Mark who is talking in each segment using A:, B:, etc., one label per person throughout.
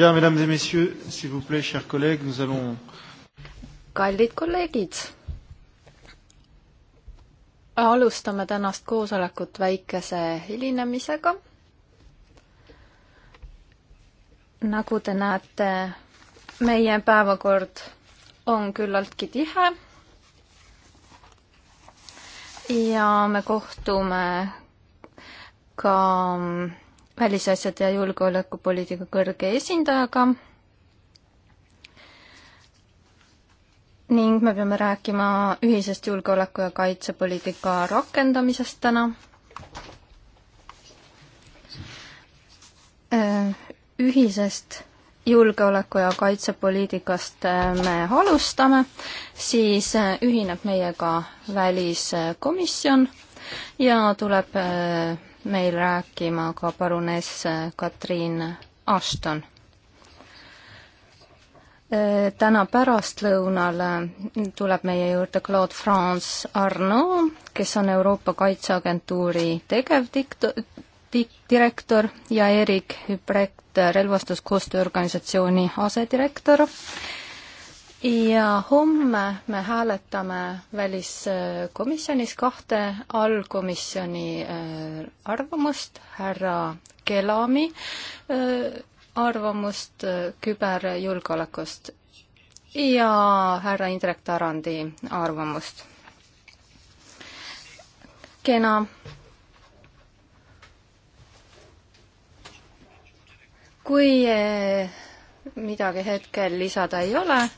A: Bien, mesdames et messieurs, s'il vous plaît, chers collègues, nous allons... kallid kolleegid, alustame tänast koosolekut väikese hilinemisega. nagu te näete, meie päevakord on küllaltki tihe. ja me kohtume ka välisasjade ja julgeolekupoliitika kõrge esindajaga ning me peame rääkima ühisest julgeoleku- ja kaitsepoliitika rakendamisest täna. Äh, ühisest julgeoleku- ja kaitsepoliitikast äh, me alustame, siis äh, ühineb meiega väliskomisjon ja tuleb meil rääkima ka paruness Katriin Ashton. täna pärastlõunal tuleb meie juurde Claude France Arnaud, kes on Euroopa Kaitseagentuuri tegevdikt-, direktor ja Erik Hübrecht, relvastuskoostööorganisatsiooni asedirektor ja homme me hääletame väliskomisjonis kahte allkomisjoni äh, arvamust, härra Kelami äh, arvamust äh, küberjulgeolekust ja härra Indrek Tarandi arvamust. kena. kui midagi hetkel lisada ei ole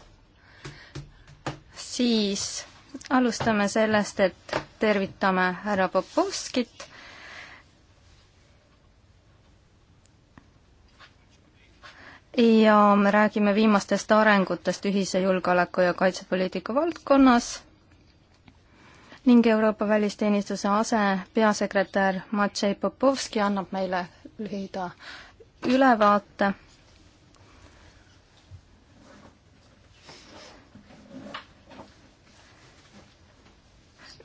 A: siis alustame sellest, et tervitame härra Popovskit. ja me räägime viimastest arengutest ühise julgeoleku ja kaitsepoliitika valdkonnas ning Euroopa Välisteenistuse asepeasekretär Maciej Popovski annab meile lühida ülevaate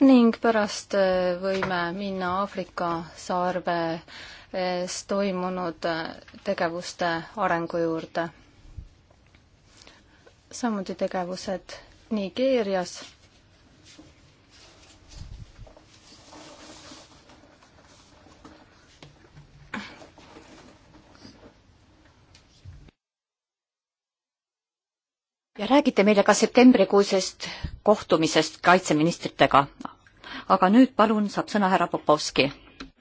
A: ning pärast äh, võime minna Aafrika saarves äh, toimunud äh, tegevuste arengu juurde. samuti tegevused Nigeerias
B: ja räägite meile ka septembrikuisest kohtumisest kaitseministritega. aga nüüd palun saab sõna härra Popovski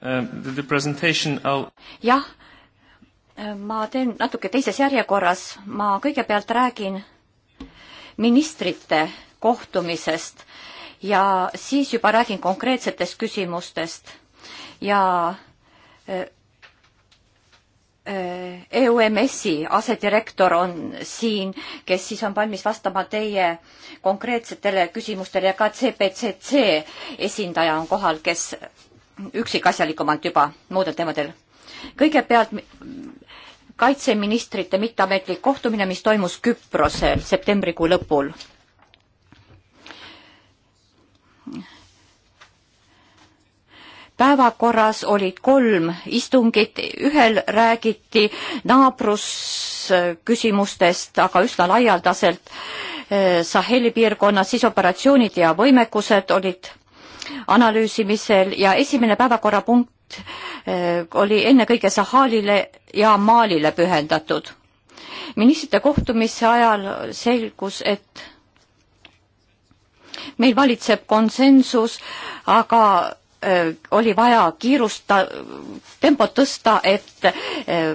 B: uh,. jah, ma teen natuke teises järjekorras, ma kõigepealt räägin ministrite kohtumisest ja siis juba räägin konkreetsetest küsimustest ja eh, Äh, EUMS-i asedirektor on siin, kes siis on valmis vastama teie konkreetsetele küsimustele ja ka CBCC esindaja on kohal, kes üksikasjalikumalt juba muudel teemadel. kõigepealt kaitseministrite mitteametlik kohtumine, mis toimus Küprosel septembrikuu lõpul päevakorras olid kolm istungit, ühel räägiti naabrusküsimustest, aga üsna laialdaselt Saheli piirkonnas, siis operatsioonid ja võimekused olid analüüsimisel ja esimene päevakorrapunkt eh, oli ennekõike Sahalile ja Malile pühendatud. ministrite kohtumise ajal selgus, et meil valitseb konsensus, aga Äh, oli vaja kiirusta, tempot tõsta, et äh,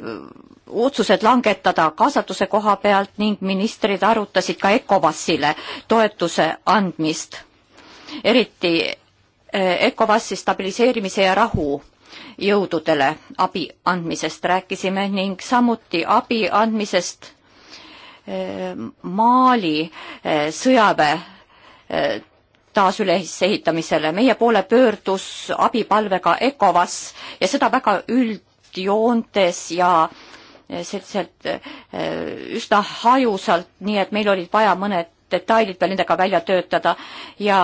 B: otsused langetada kaasatuse koha pealt ning ministrid arutasid ka ECOWASile toetuse andmist, eriti äh, ECOWASi stabiliseerimise ja rahu jõududele abi andmisest rääkisime ning samuti abi andmisest Mali sõjaväe taas ülesehitamisele. meie poole pöördus abipalvega ECOWAS ja seda väga üldjoontes ja eh, selliselt eh, üsna hajusalt, nii et meil olid vaja mõned detailid veel nendega välja töötada ja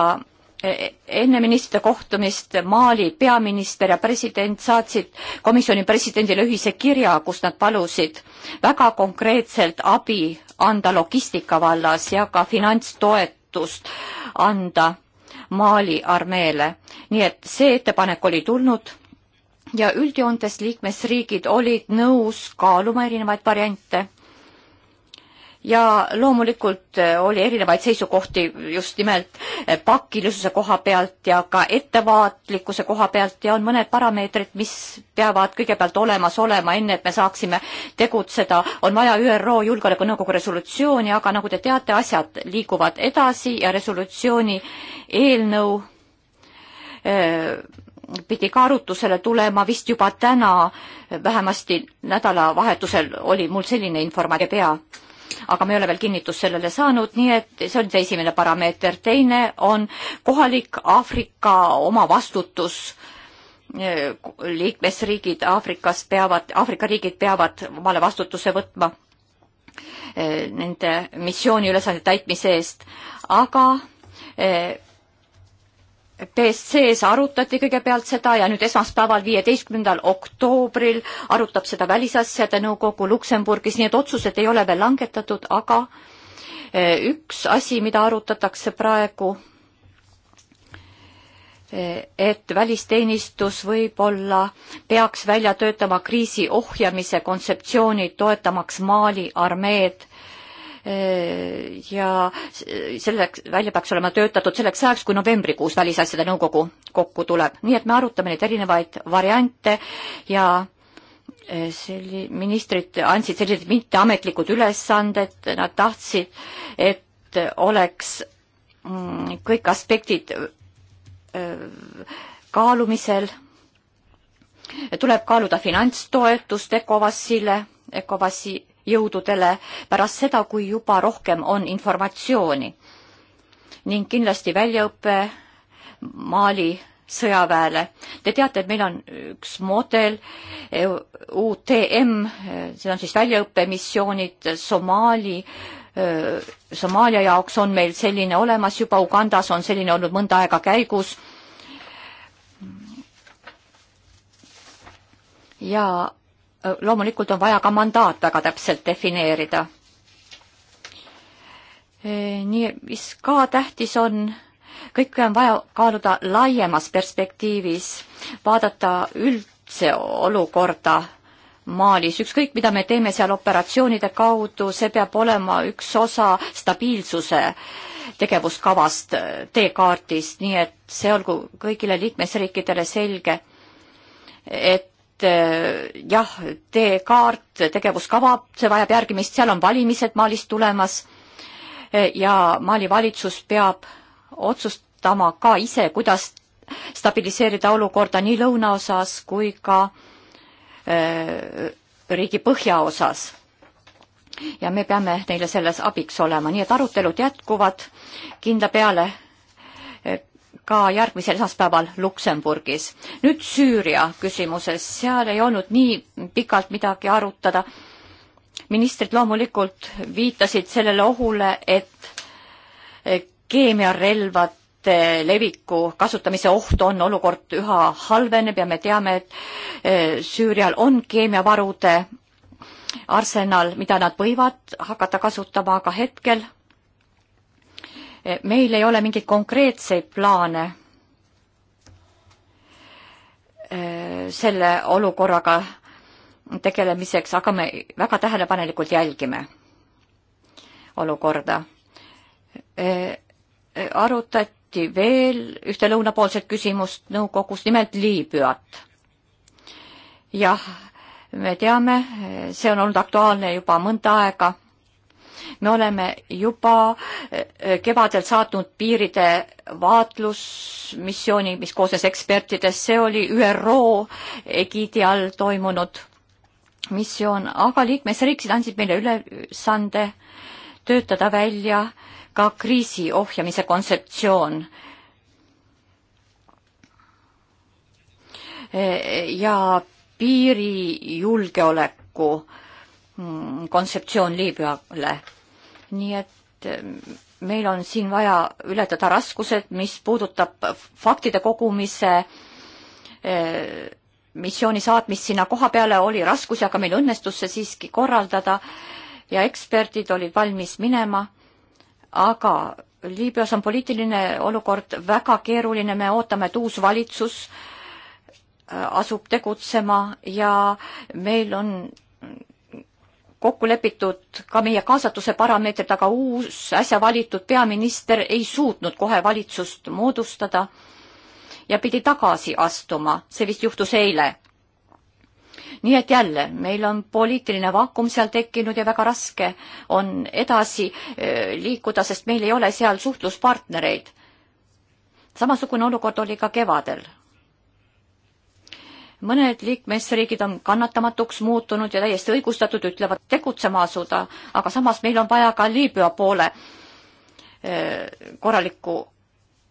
B: eh, enne ministrite kohtumist Mali peaminister ja president saatsid komisjoni presidendile ühise kirja, kus nad palusid väga konkreetselt abi anda logistika vallas ja ka finantstoetust toetust anda Mali armeele. nii et see ettepanek oli tulnud ja üldjoontes liikmesriigid olid nõus kaaluma erinevaid variante ja loomulikult eh, oli erinevaid seisukohti just nimelt eh, pakilisuse koha pealt ja ka ettevaatlikkuse koha pealt ja on mõned parameetrid, mis peavad kõigepealt olemas olema, enne et me saaksime tegutseda. on vaja ÜRO Julgeolekunõukogu resolutsiooni, aga nagu te teate, asjad liiguvad edasi ja resolutsiooni eelnõu öö, eh, pidi ka arutusele tulema vist juba täna, vähemasti nädalavahetusel oli mul selline informatsioon pea aga me ei ole veel kinnitust sellele saanud, nii et see on see esimene parameeter. teine on kohalik Aafrika omavastutus liikmesriigid Aafrikas peavad, Aafrika riigid peavad omale vastutuse võtma eh, nende missiooniülesande täitmise eest, aga eh, BSC-s arutati kõigepealt seda ja nüüd esmaspäeval, viieteistkümnendal oktoobril arutab seda Välisasjade Nõukogu Luksemburgis, nii et otsused ei ole veel langetatud, aga e, üks asi, mida arutatakse praegu, e, et välisteenistus võib-olla peaks välja töötama kriisi ohjamise kontseptsiooni, toetamaks Mali armeed äh, Äh, ja selleks, välja peaks olema töötatud selleks ajaks, kui novembrikuus Välisasjade Nõukogu kokku tuleb. nii et me arutame neid erinevaid variante ja äh, selli-, ministrid andsid sellised mitteametlikud ülesanded, nad tahtsid, et oleks mm, kõik aspektid äh, kaalumisel, tuleb kaaluda finantstoetust ECOWASile, ECOWASi jõududele pärast seda, kui juba rohkem on informatsiooni. ning kindlasti väljaõpe Mali sõjaväele. Te teate, et meil on üks mudel e UTM, see on siis väljaõppemissioonid Somaali Somaalia jaoks on meil selline olemas juba, Ugandas on selline olnud mõnda aega käigus ja Äh, loomulikult on vaja ka mandaat väga täpselt defineerida. Äh, nii, mis ka tähtis on, kõike on vaja kaaluda laiemas perspektiivis, vaadata üldse olukorda Maalis, ükskõik mida me teeme seal operatsioonide kaudu, see peab olema üks osa stabiilsuse tegevuskavast, äh, teekaardist, nii et see olgu kõigile liikmesriikidele selge, et Eh, jah, teekaart, tegevuskava, see vajab järgimist, seal on valimised Malis tulemas eh, ja Mali valitsus peab otsustama ka ise, kuidas stabiliseerida olukorda nii lõunaosas kui ka äh, riigi põhjaosas. ja me peame neile selles abiks olema, nii et arutelud jätkuvad kindla peale ka järgmisel esmaspäeval Luksemburgis. nüüd Süüria küsimuses, seal ei olnud nii pikalt midagi arutada. ministrid loomulikult viitasid sellele ohule, et eh, keemiarelvade leviku kasutamise oht on, olukord üha halveneb ja me teame, et eh, Süürial on keemiavarude arsenal, mida nad võivad hakata kasutama, aga hetkel meil ei ole mingeid konkreetseid plaane äh, selle olukorraga tegelemiseks, aga me väga tähelepanelikult jälgime olukorda. Äh, äh, arutati veel ühte lõunapoolset küsimust nõukogus, nimelt Liibüat. jah, me teame, see on olnud aktuaalne juba mõnda aega me oleme juba eh, kevadel saatnud piiride vaatlusmissiooni, mis koosnes ekspertidest, see oli ÜRO egiidi all toimunud missioon, aga liikmesriigid andsid meile ülesande töötada välja ka kriisi ohjamise kontseptsioon eh, ja piirijulgeoleku mm, kontseptsioon Liibüale nii et ähm, meil on siin vaja ületada raskused, mis puudutab faktide kogumise äh, missiooni saatmist sinna koha peale oli raskusi, aga meil õnnestus see siiski korraldada ja eksperdid olid valmis minema. aga Liibüas on poliitiline olukord väga keeruline, me ootame, et uus valitsus äh, asub tegutsema ja meil on kokku lepitud ka meie kaasatuse parameetrid, aga uus äsja valitud peaminister ei suutnud kohe valitsust moodustada ja pidi tagasi astuma, see vist juhtus eile. nii et jälle, meil on poliitiline vaakum seal tekkinud ja väga raske on edasi eh, liikuda, sest meil ei ole seal suhtluspartnereid. samasugune olukord oli ka kevadel mõned liikmesriigid on kannatamatuks muutunud ja täiesti õigustatud ütlevad tegutsema asuda, aga samas meil on vaja ka Liibüa poole eh, korralikku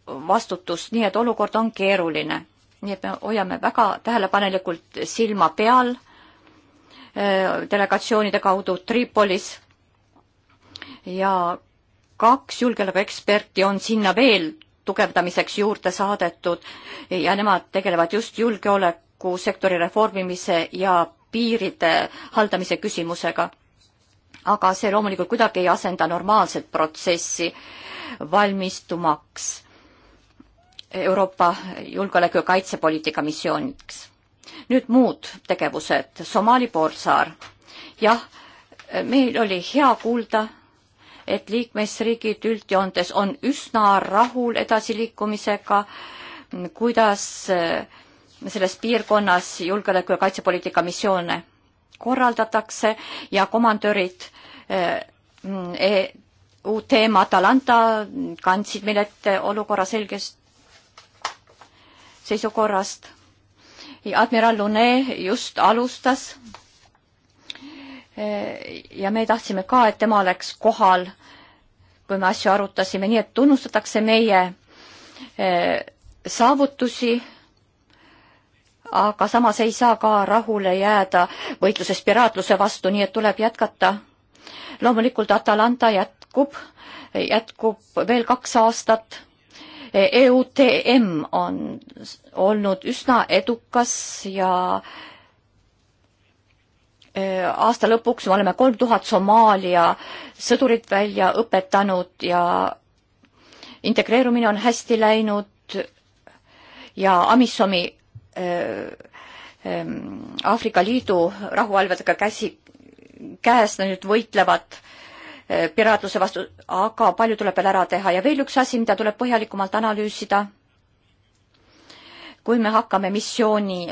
B: vastutust, nii et olukord on keeruline. nii et me hoiame väga tähelepanelikult silma peal eh, delegatsioonide kaudu Tripolis ja kaks julgeolekueksperti on sinna veel tugevdamiseks juurde saadetud ja nemad tegelevad just julgeoleku kokku sektori reformimise ja piiride haldamise küsimusega. aga see loomulikult kuidagi ei asenda normaalset protsessi valmistumaks Euroopa julgeoleku- ja kaitsepoliitika missiooniks. nüüd muud tegevused, Somaali poolsaar. jah, meil oli hea kuulda, et liikmesriigid üldjoontes on üsna rahul edasiliikumisega, kuidas selles piirkonnas julgeoleku- ja kaitsepoliitika missioone korraldatakse ja komandörid EU eh, eh, teema Atalanta kandsid meile ette olukorra selgest seisukorrast. admiral Lune just alustas eh, ja me tahtsime ka, et tema oleks kohal, kui me asju arutasime, nii et tunnustatakse meie saavutusi aga samas ei saa ka rahule jääda võitluses piraatluse vastu, nii et tuleb jätkata. loomulikult Atalanta jätkub, jätkub veel kaks aastat. EUTM on olnud üsna edukas ja e, aasta lõpuks me oleme kolm tuhat Somaalia sõdurit välja õpetanud ja integreerumine on hästi läinud ja Amissomi Äh, ähm, Aafrika Liidu rahuvalvedega käsi, käes nad nüüd võitlevad äh, piraatluse vastu, aga palju tuleb veel ära teha ja veel üks asi, mida tuleb põhjalikumalt analüüsida. kui me hakkame missiooni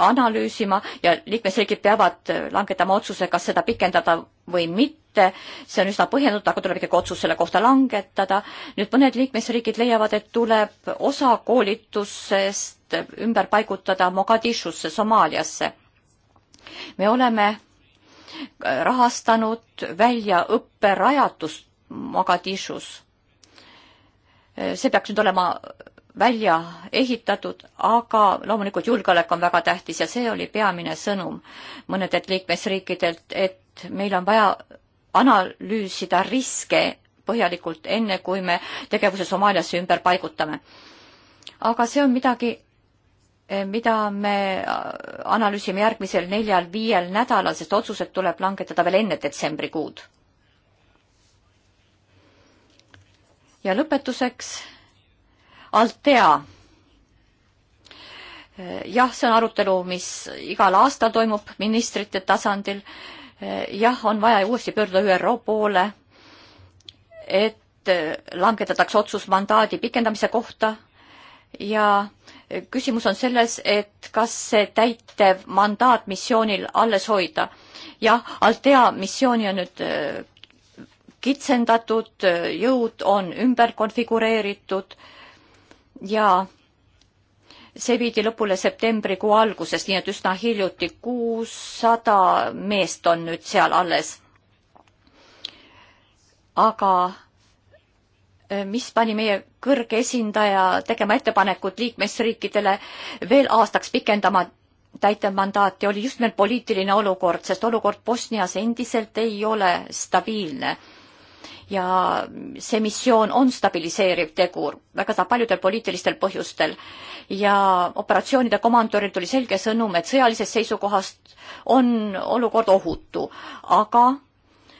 B: analüüsima ja liikmesriigid peavad langetama otsuse, kas seda pikendada või mitte, see on üsna põhjendatud, aga tuleb ikkagi otsus selle kohta langetada. nüüd mõned liikmesriigid leiavad, et tuleb osa koolitusest Mogadishust ümber paigutada Mogadishusse, Somaaliasse. me oleme äh, rahastanud välja õpperajatust Mogadishus. Äh, see peaks nüüd olema välja ehitatud, aga loomulikult julgeolek on väga tähtis ja see oli peamine sõnum mõnedelt liikmesriikidelt, et meil on vaja analüüsida riske põhjalikult, enne kui me tegevuse Somaaliasse ümber paigutame. aga see on midagi, Eh, mida me äh, analüüsime järgmisel neljal-viiel nädalal, sest otsused tuleb langetada veel enne detsembrikuud. ja lõpetuseks Altea. Eh, jah, see on arutelu, mis igal aastal toimub ministrite tasandil. Eh, jah, on vaja uuesti pöörduda ÜRO poole, et langetatakse otsus mandaadi pikendamise kohta ja äh, küsimus on selles, et kas see täitev mandaat missioonil alles hoida. jah, Altea missiooni on nüüd äh, kitsendatud, äh, jõud on ümber konfigureeritud ja see viidi lõpule septembrikuu alguses, nii et üsna hiljuti kuussada meest on nüüd seal alles. aga mis pani meie kõrge esindaja tegema ettepanekut liikmesriikidele veel aastaks pikendama täitevmandaati, oli just nimelt poliitiline olukord, sest olukord Bosnias endiselt ei ole stabiilne. ja see missioon on stabiliseeriv tegur väga paljudel poliitilistel põhjustel ja operatsioonide komandöril tuli selge sõnum, et sõjalisest seisukohast on olukord ohutu, aga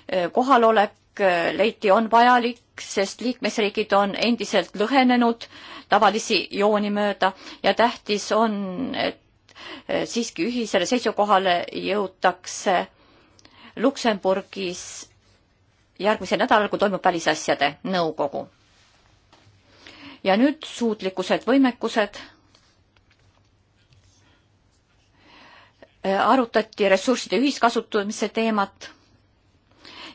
B: eh, kohalolek Äh, leiti, on vajalik, sest liikmesriigid on endiselt lõhenenud tavalisi jooni mööda ja tähtis on, et äh, siiski ühisele seisukohale jõutakse Luksemburgis järgmisel nädalal, kui toimub välisasjade nõukogu. ja nüüd suutlikkused, võimekused. Äh, arutati ressursside ühiskasutamise teemat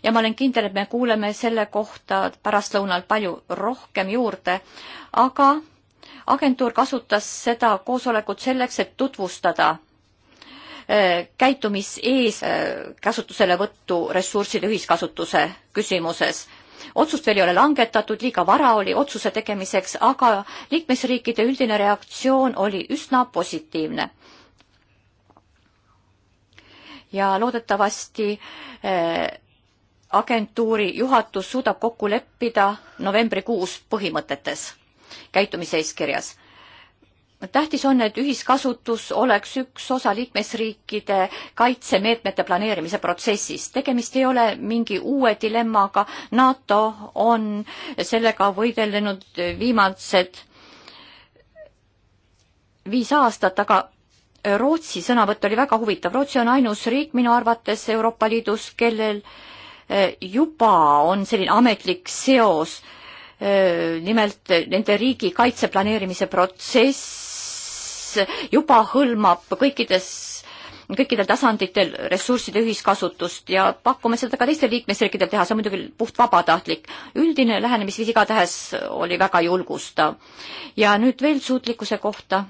B: ja ma olen kindel, et me kuuleme selle kohta pärastlõunal palju rohkem juurde, aga agentuur kasutas seda koosolekut selleks, et tutvustada äh, käitumisees äh, kasutuselevõttu ressursside ühiskasutuse küsimuses otsust veel ei ole langetatud, liiga vara oli otsuse tegemiseks, aga liikmesriikide üldine reaktsioon oli üsna positiivne. ja loodetavasti eh, agentuuri juhatus suudab kokku leppida novembrikuus põhimõtetes, käitumiseeskirjas. tähtis on, et ühiskasutus oleks üks osa liikmesriikide kaitsemeetmete planeerimise protsessis. tegemist ei ole mingi uue dilemmaga, NATO on sellega võidelnud viimased viis aastat, aga Rootsi sõnavõtt oli väga huvitav. Rootsi on ainus riik minu arvates Euroopa Liidus, kellel äh, juba on selline ametlik seos äh, nimelt nende riigi kaitseplaneerimise protsess juba hõlmab kõikides kõikidel tasanditel ressursside ühiskasutust ja pakume seda ka teistel liikmesriikidel teha, see on muidugi puht vabatahtlik. üldine lähenemisviis igatahes oli väga julgustav. ja nüüd veel suutlikkuse kohta.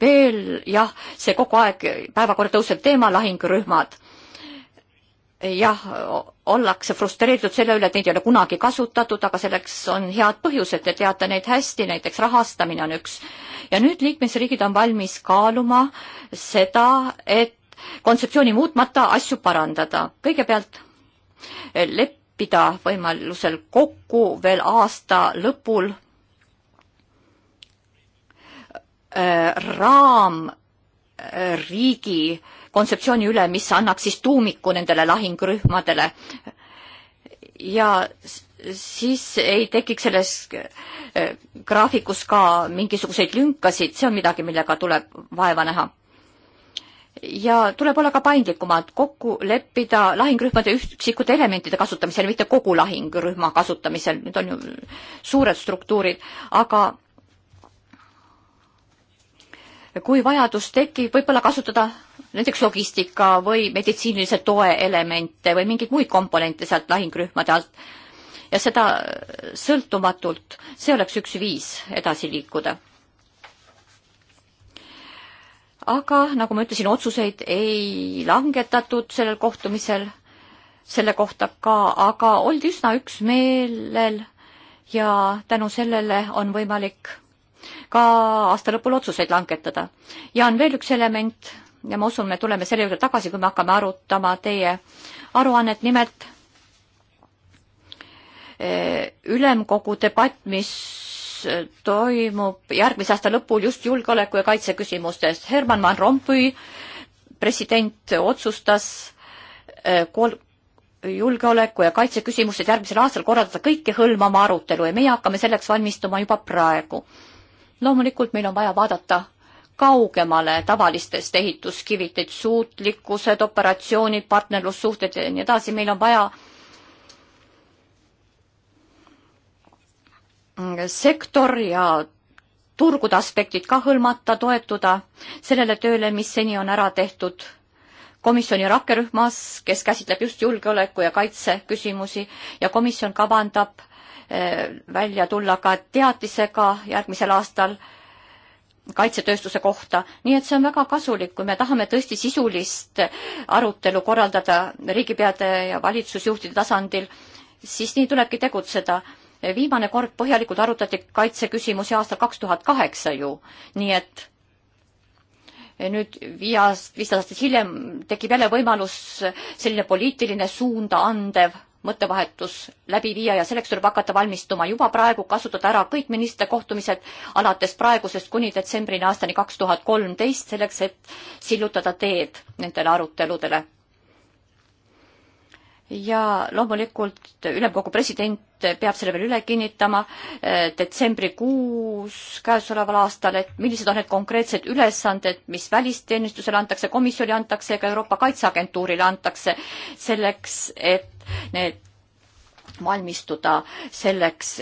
B: veel jah, see kogu aeg päevakorda tõusev teema, lahingurühmad jah, ollakse frustreeritud selle üle, et neid ei ole kunagi kasutatud, aga selleks on head põhjused, te teate neid hästi, näiteks rahastamine on üks. ja nüüd liikmesriigid on valmis kaaluma seda, et kontseptsiooni muutmata asju parandada. kõigepealt eh, leppida võimalusel kokku veel aasta lõpul äh, raam äh, riigi äh, kontseptsiooni üle, mis annaks siis tuumiku nendele lahingrühmadele. ja siis ei tekiks selles äh, graafikus ka mingisuguseid lünkasid, see on midagi, millega tuleb vaeva näha. ja tuleb olla ka paindlikumad, kokku leppida lahingrühmade üksikute elementide kasutamisel, mitte kogu lahingrühma kasutamisel, need on ju suured struktuurid, aga kui vajadus tekib, võib-olla kasutada näiteks logistika või meditsiinilise toe elemente või mingeid muid komponente sealt lahingrühmade alt ja seda sõltumatult, see oleks üks viis edasi liikuda. aga nagu ma ütlesin, otsuseid ei langetatud sellel kohtumisel selle kohta ka, aga oldi üsna üksmeelel ja tänu sellele on võimalik ka aasta lõpul otsuseid langetada. ja on veel üks element ja ma usun, me tuleme selle juurde tagasi, kui me hakkame arutama teie aruannet, nimelt eh, ülemkogu debatt, mis toimub järgmise aasta lõpul just julgeoleku ja kaitse küsimustes. Herman Van Rompuy, president, otsustas eh, kol-, julgeoleku ja kaitse küsimustes järgmisel aastal korraldada kõikehõlmama arutelu ja meie hakkame selleks valmistuma juba praegu. loomulikult meil on vaja vaadata kaugemale tavalistest ehituskivist, et suutlikkused, operatsioonid, partnerlussuhted ja nii edasi, meil on vaja sektor ja turgude aspektid ka hõlmata, toetuda sellele tööle, mis seni on ära tehtud komisjoni rakkerühmas, kes käsitleb just julgeoleku ja kaitse küsimusi ja komisjon kavandab eh, välja tulla ka teatisega järgmisel aastal äh, kaitsetööstuse kohta, nii et see on väga kasulik, kui me tahame tõesti sisulist arutelu korraldada riigipeade ja valitsusjuhtide tasandil, siis nii tulebki tegutseda. viimane kord põhjalikult arutati kaitseküsimusi aastal kaks tuhat kaheksa ju, nii et nüüd viis aastat, viis aastat hiljem tekib jälle võimalus selline poliitiline suunda andev mõttevahetus läbi viia ja selleks tuleb hakata valmistuma juba praegu, kasutada ära kõik ministrite kohtumised alates praegusest kuni detsembrini aastani kaks tuhat kolmteist, selleks et sillutada teed nendele aruteludele. ja loomulikult ülemkogu president peab selle veel üle kinnitama eh, detsembrikuus käesoleval aastal, et millised on need konkreetsed ülesanded, mis välisteenistusele antakse, komisjoni antakse ja ka Euroopa Kaitseagentuurile antakse selleks, et need valmistuda selleks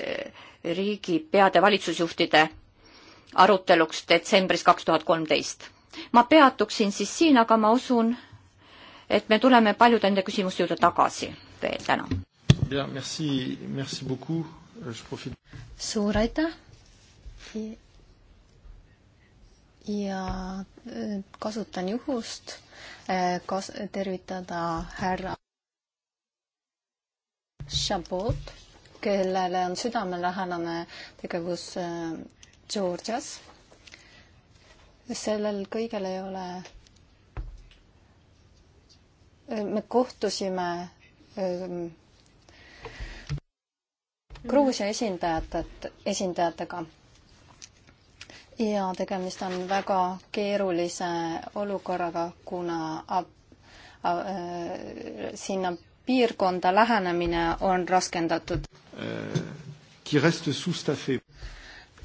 B: riigipeade valitsusjuhtide aruteluks detsembris kaks tuhat kolmteist. ma peatuksin siis siin, aga ma usun, et me tuleme paljude nende küsimuste juurde tagasi veel täna. suur aitäh
A: ja äh, kasutan juhust äh, kas-, tervitada härra Chabot, kellele on südamelähedane tegevus äh, Georgias. sellel kõigel ei ole äh, me kohtusime ähm, Gruusia esindajatelt, esindajatega. ja tegemist on väga keerulise olukorraga, kuna ab, ab, äh, sinna piirkonda lähenemine on raskendatud.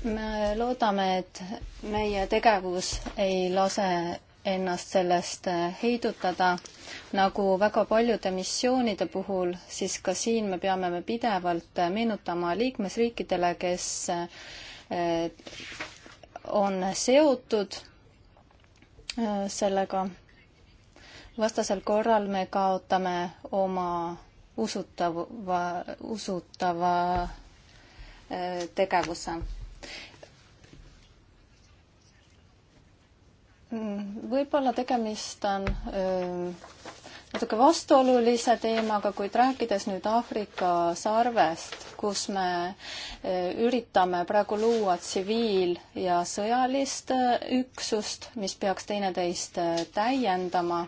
A: me loodame, et meie tegevus ei lase ennast sellest heidutada. nagu väga paljude missioonide puhul, siis ka siin me peame me pidevalt meenutama liikmesriikidele, kes eh, on seotud eh, sellega vastasel korral me kaotame oma usutava, usutava äh, tegevuse. võib-olla tegemist on öö, äh, natuke vastuolulise teemaga, kuid rääkides nüüd Aafrika sarvest, kus me äh, üritame praegu luua tsiviil- ja sõjalist üksust, mis peaks teineteist täiendama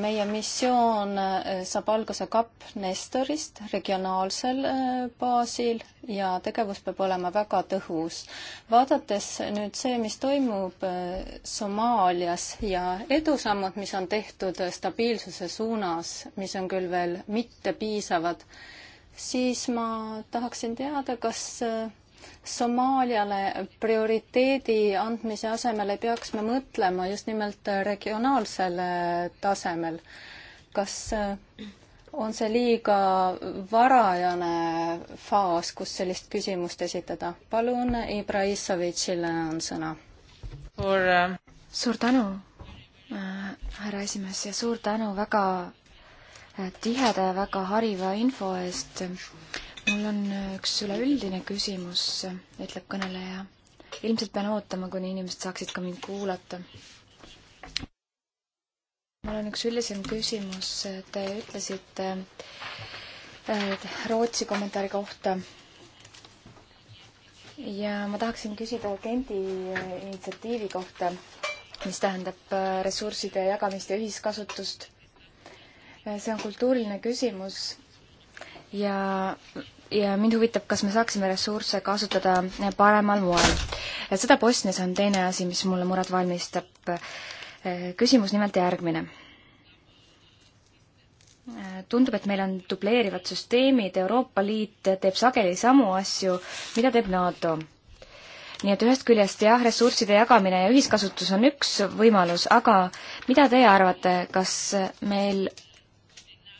A: meie missioon äh, saab alguse Kap Nestorist regionaalsel äh, baasil ja tegevus peab olema väga tõhus. vaadates nüüd see, mis toimub äh, Somaalias ja edusammud, mis on tehtud stabiilsuse suunas, mis on küll veel mitte piisavad, siis ma tahaksin teada, kas Somaaliale prioriteedi andmise asemel ei peaks me mõtlema just nimelt regionaalsel tasemel. kas äh, on see liiga varajane faas, kus sellist küsimust esitada? palun, Ibraisovitšile on sõna.
C: Uh... suur tänu, äh, härra esimees, ja suur tänu väga tiheda ja väga hariva info eest mul on äh, üks üleüldine küsimus, äh, ütleb kõneleja. ilmselt pean ootama, kuni inimesed saaksid ka mind kuulata. mul on üks üldisem küsimus, te ütlesite äh, Rootsi kommentaari kohta. ja ma tahaksin küsida Gendi initsiatiivi kohta, mis tähendab ressursside jagamist ja ühiskasutust. see on kultuuriline küsimus ja, ja mind huvitab, kas me saaksime ressursse kasutada paremal moel. seda Bosnias on teine asi, mis mulle muret valmistab. küsimus nimelt järgmine. tundub, et meil on dubleerivad süsteemid, Euroopa Liit teeb sageli samu asju, mida teeb NATO nii et ühest küljest jah, ressursside jagamine ja ühiskasutus on üks võimalus, aga mida teie arvate, kas meil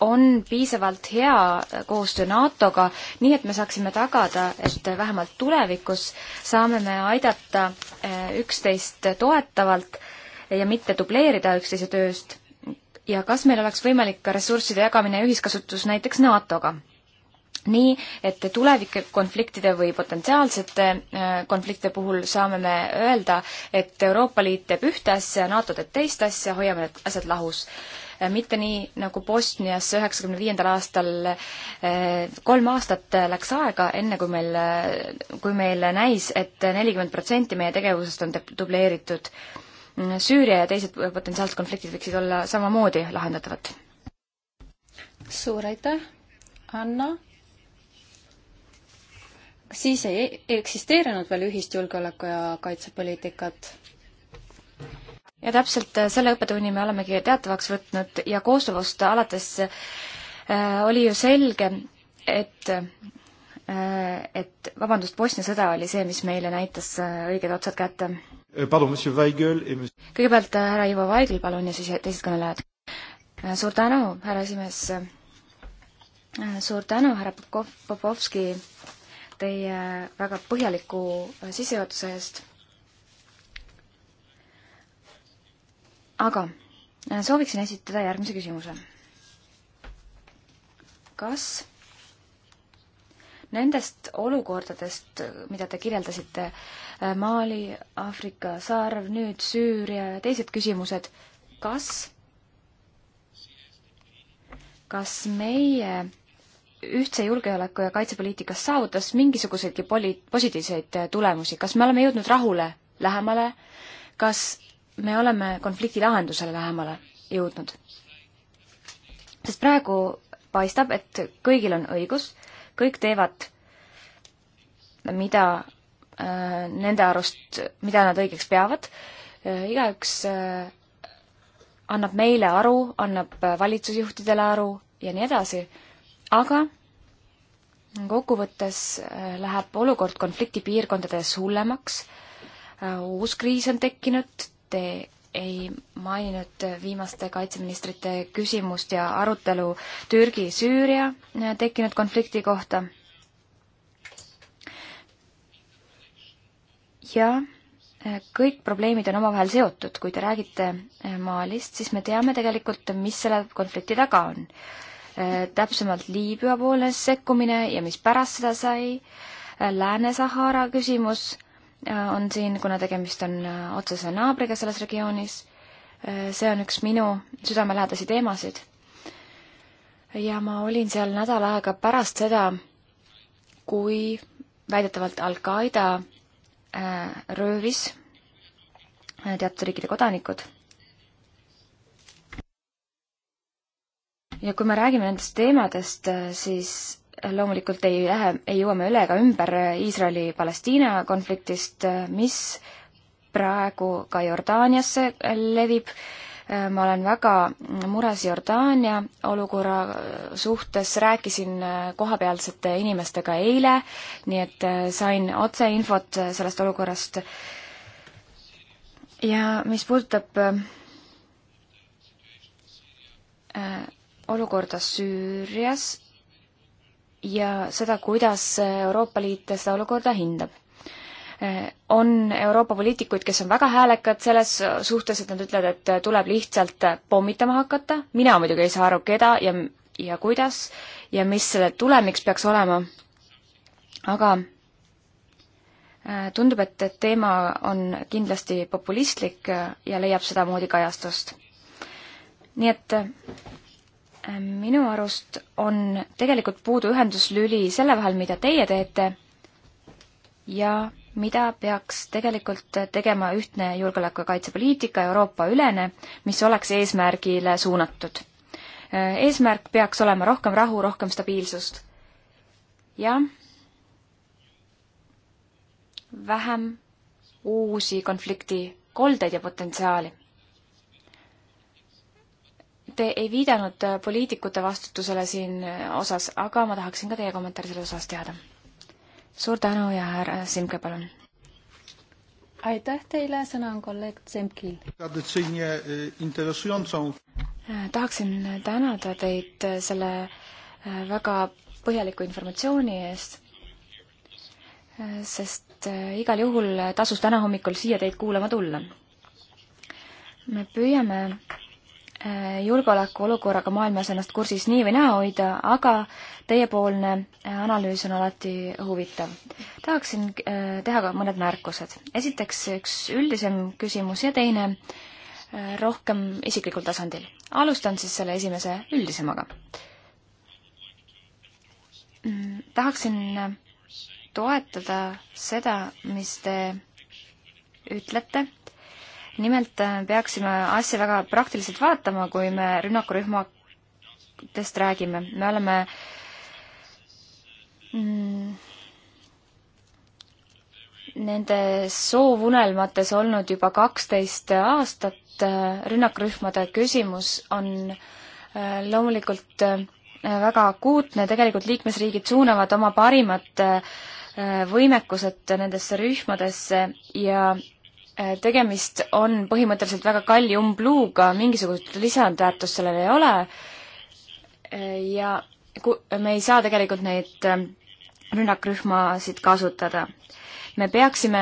C: on piisavalt hea koostöö NATO-ga, nii et me saaksime tagada, et vähemalt tulevikus saame me aidata eh, üksteist toetavalt ja mitte dubleerida üksteise tööst. ja kas meil oleks võimalik ka ressursside jagamine ja ühiskasutus näiteks NATO-ga? nii, et tulevike konfliktide või potentsiaalsete eh, konfliktide puhul saame me öelda, et Euroopa Liit teeb ühte asja, NATO teeb teist asja, hoiame need asjad lahus mitte nii nagu Bosnias üheksakümne viiendal aastal. Eh, kolm aastat läks aega, enne kui meil, kui meil näis et, et nelikümmend protsenti meie tegevusest on dubleeritud. Süüria ja teised potentsiaalsed konfliktid võiksid olla samamoodi lahendatavad. suur aitäh, Anna siis e-, ei eksisteerinud veel ühist julgeoleku- ja kaitsepoliitikat ja täpselt äh, selle õppetunni me olemegi teatavaks võtnud ja Kosovost alates äh, oli ju selge, et äh, et vabandust, Bosnia sõda oli see, mis meile näitas õiged otsad kätte.
A: kõigepealt
C: härra Ivo Vaigel, palun, ja siis teised kõnelejad. suur tänu, härra esimees. suur tänu, härra Popov, Popovski, teie väga põhjaliku sissejuhatuse eest aga äh, sooviksin esitada järgmise küsimuse. kas nendest olukordadest, mida te kirjeldasite, äh, Mali, Aafrika sarv, nüüd Süüria ja teised küsimused, kas, kas meie ühtse julgeoleku- ja kaitsepoliitikas saavutas mingisuguseidki poli-, positiivseid äh, tulemusi, kas me oleme jõudnud rahule lähemale, kas me oleme konflikti lahendusele lähemale jõudnud. sest praegu paistab, et kõigil on õigus, kõik teevad, mida äh, nende arust, mida nad õigeks peavad äh,, igaüks äh, annab meile aru, annab äh, valitsusjuhtidele aru ja nii edasi, aga kokkuvõttes äh, läheb olukord konfliktipiirkondades hullemaks, äh, uus kriis on tekkinud, te ei maininud viimaste kaitseministrite küsimust ja arutelu Türgi-Süüria äh, tekkinud konflikti kohta. ja äh, kõik probleemid on omavahel seotud, kui te räägite äh, Malist, siis me teame tegelikult, mis selle konflikti taga on. täpsemalt Liibüa poolne sekkumine ja mis pärast seda sai, Lääne-Sahara küsimus Äh, on siin, kuna tegemist on äh, otsese naabriga selles regioonis. Äh, see on üks minu südamelähedasi teemasid. ja ma olin seal nädal aega pärast seda, kui väidetavalt Al-Qaeda röövis teatud riikide kodanikud. ja kui me räägime nendest teemadest, siis loomulikult ei lähe, ei jõua me üle ega ümber Iisraeli-Palestiina konfliktist, mis praegu ka Jordaaniasse levib. ma olen väga mures Jordaania olukorra suhtes, rääkisin kohapealsete inimestega eile, nii et sain otseinfot sellest olukorrast. ja mis puudutab äh, olukorda Süürias ja seda, kuidas Euroopa Liit seda olukorda hindab. on Euroopa poliitikuid, kes on väga häälekad selles suhtes, et nad ütlevad, et tuleb lihtsalt pommitama hakata, mina muidugi ei saa aru, keda ja, ja kuidas ja mis selle tulemiks peaks olema, aga äh, tundub, et, et teema on kindlasti populistlik ja leiab sedamoodi kajastust. nii et minu arust on tegelikult puudu ühenduslüli selle vahel, mida teie teete ja mida peaks tegelikult tegema ühtne julgeoleku- ja kaitsepoliitika Euroopa-ülene, mis oleks eesmärgile suunatud. eesmärk peaks olema rohkem rahu, rohkem stabiilsust ja vähem uusi konfliktikoldeid ja potentsiaali Te ei viidanud äh, poliitikute vastutusele siin äh, osas, aga ma tahaksin ka teie kommentaari selle osas teada. suur tänu ja härra Simke, palun. aitäh teile, sõna on kolleeg Zemkil.
A: Äh,
C: tahaksin tänada teid selle väga põhjaliku informatsiooni eest, sest igal juhul tasus täna hommikul siia teid kuulama tulla. me püüame Äh, julgeolekuolukorraga maailmas ennast kursis nii või naa hoida, aga teiepoolne äh, analüüs on alati huvitav. tahaksin äh, teha ka mõned märkused. esiteks üks üldisem küsimus ja teine rohkem isiklikul tasandil. alustan siis selle esimese üldisemaga. Mm, tahaksin toetada seda, mis te ütlete nimelt äh, peaksime asja väga praktiliselt vaatama, kui me rünnakurühmadest räägime. me oleme mm, nende soovunelmates olnud juba kaksteist aastat. Äh, rünnakurühmade küsimus on äh, loomulikult väga akuutne, tegelikult liikmesriigid suunavad oma parimad võimekused nendesse rühmadesse ja Äh, tegemist on põhimõtteliselt väga kalli umbluuga, mingisugust lisandväärtust sellel ei ole äh, ja ku-, me ei saa tegelikult neid äh, rünnakrühmasid kasutada. me peaksime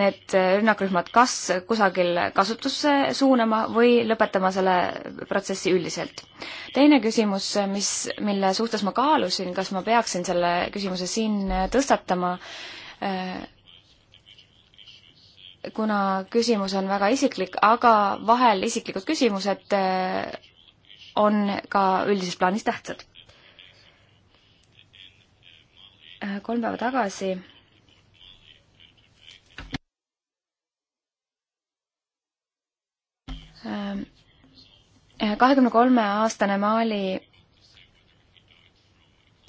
C: need rünnakrühmad kas kusagil kasutusse suunama või lõpetama selle protsessi üldiselt. teine küsimus, mis, mille suhtes ma kaalusin, kas ma peaksin selle küsimuse siin tõstatama, kuna küsimus on väga isiklik, aga vahel isiklikud küsimused eh, on ka üldises plaanis tähtsad. Eh, kolm päeva tagasi eh, kahekümne kolme aastane Mali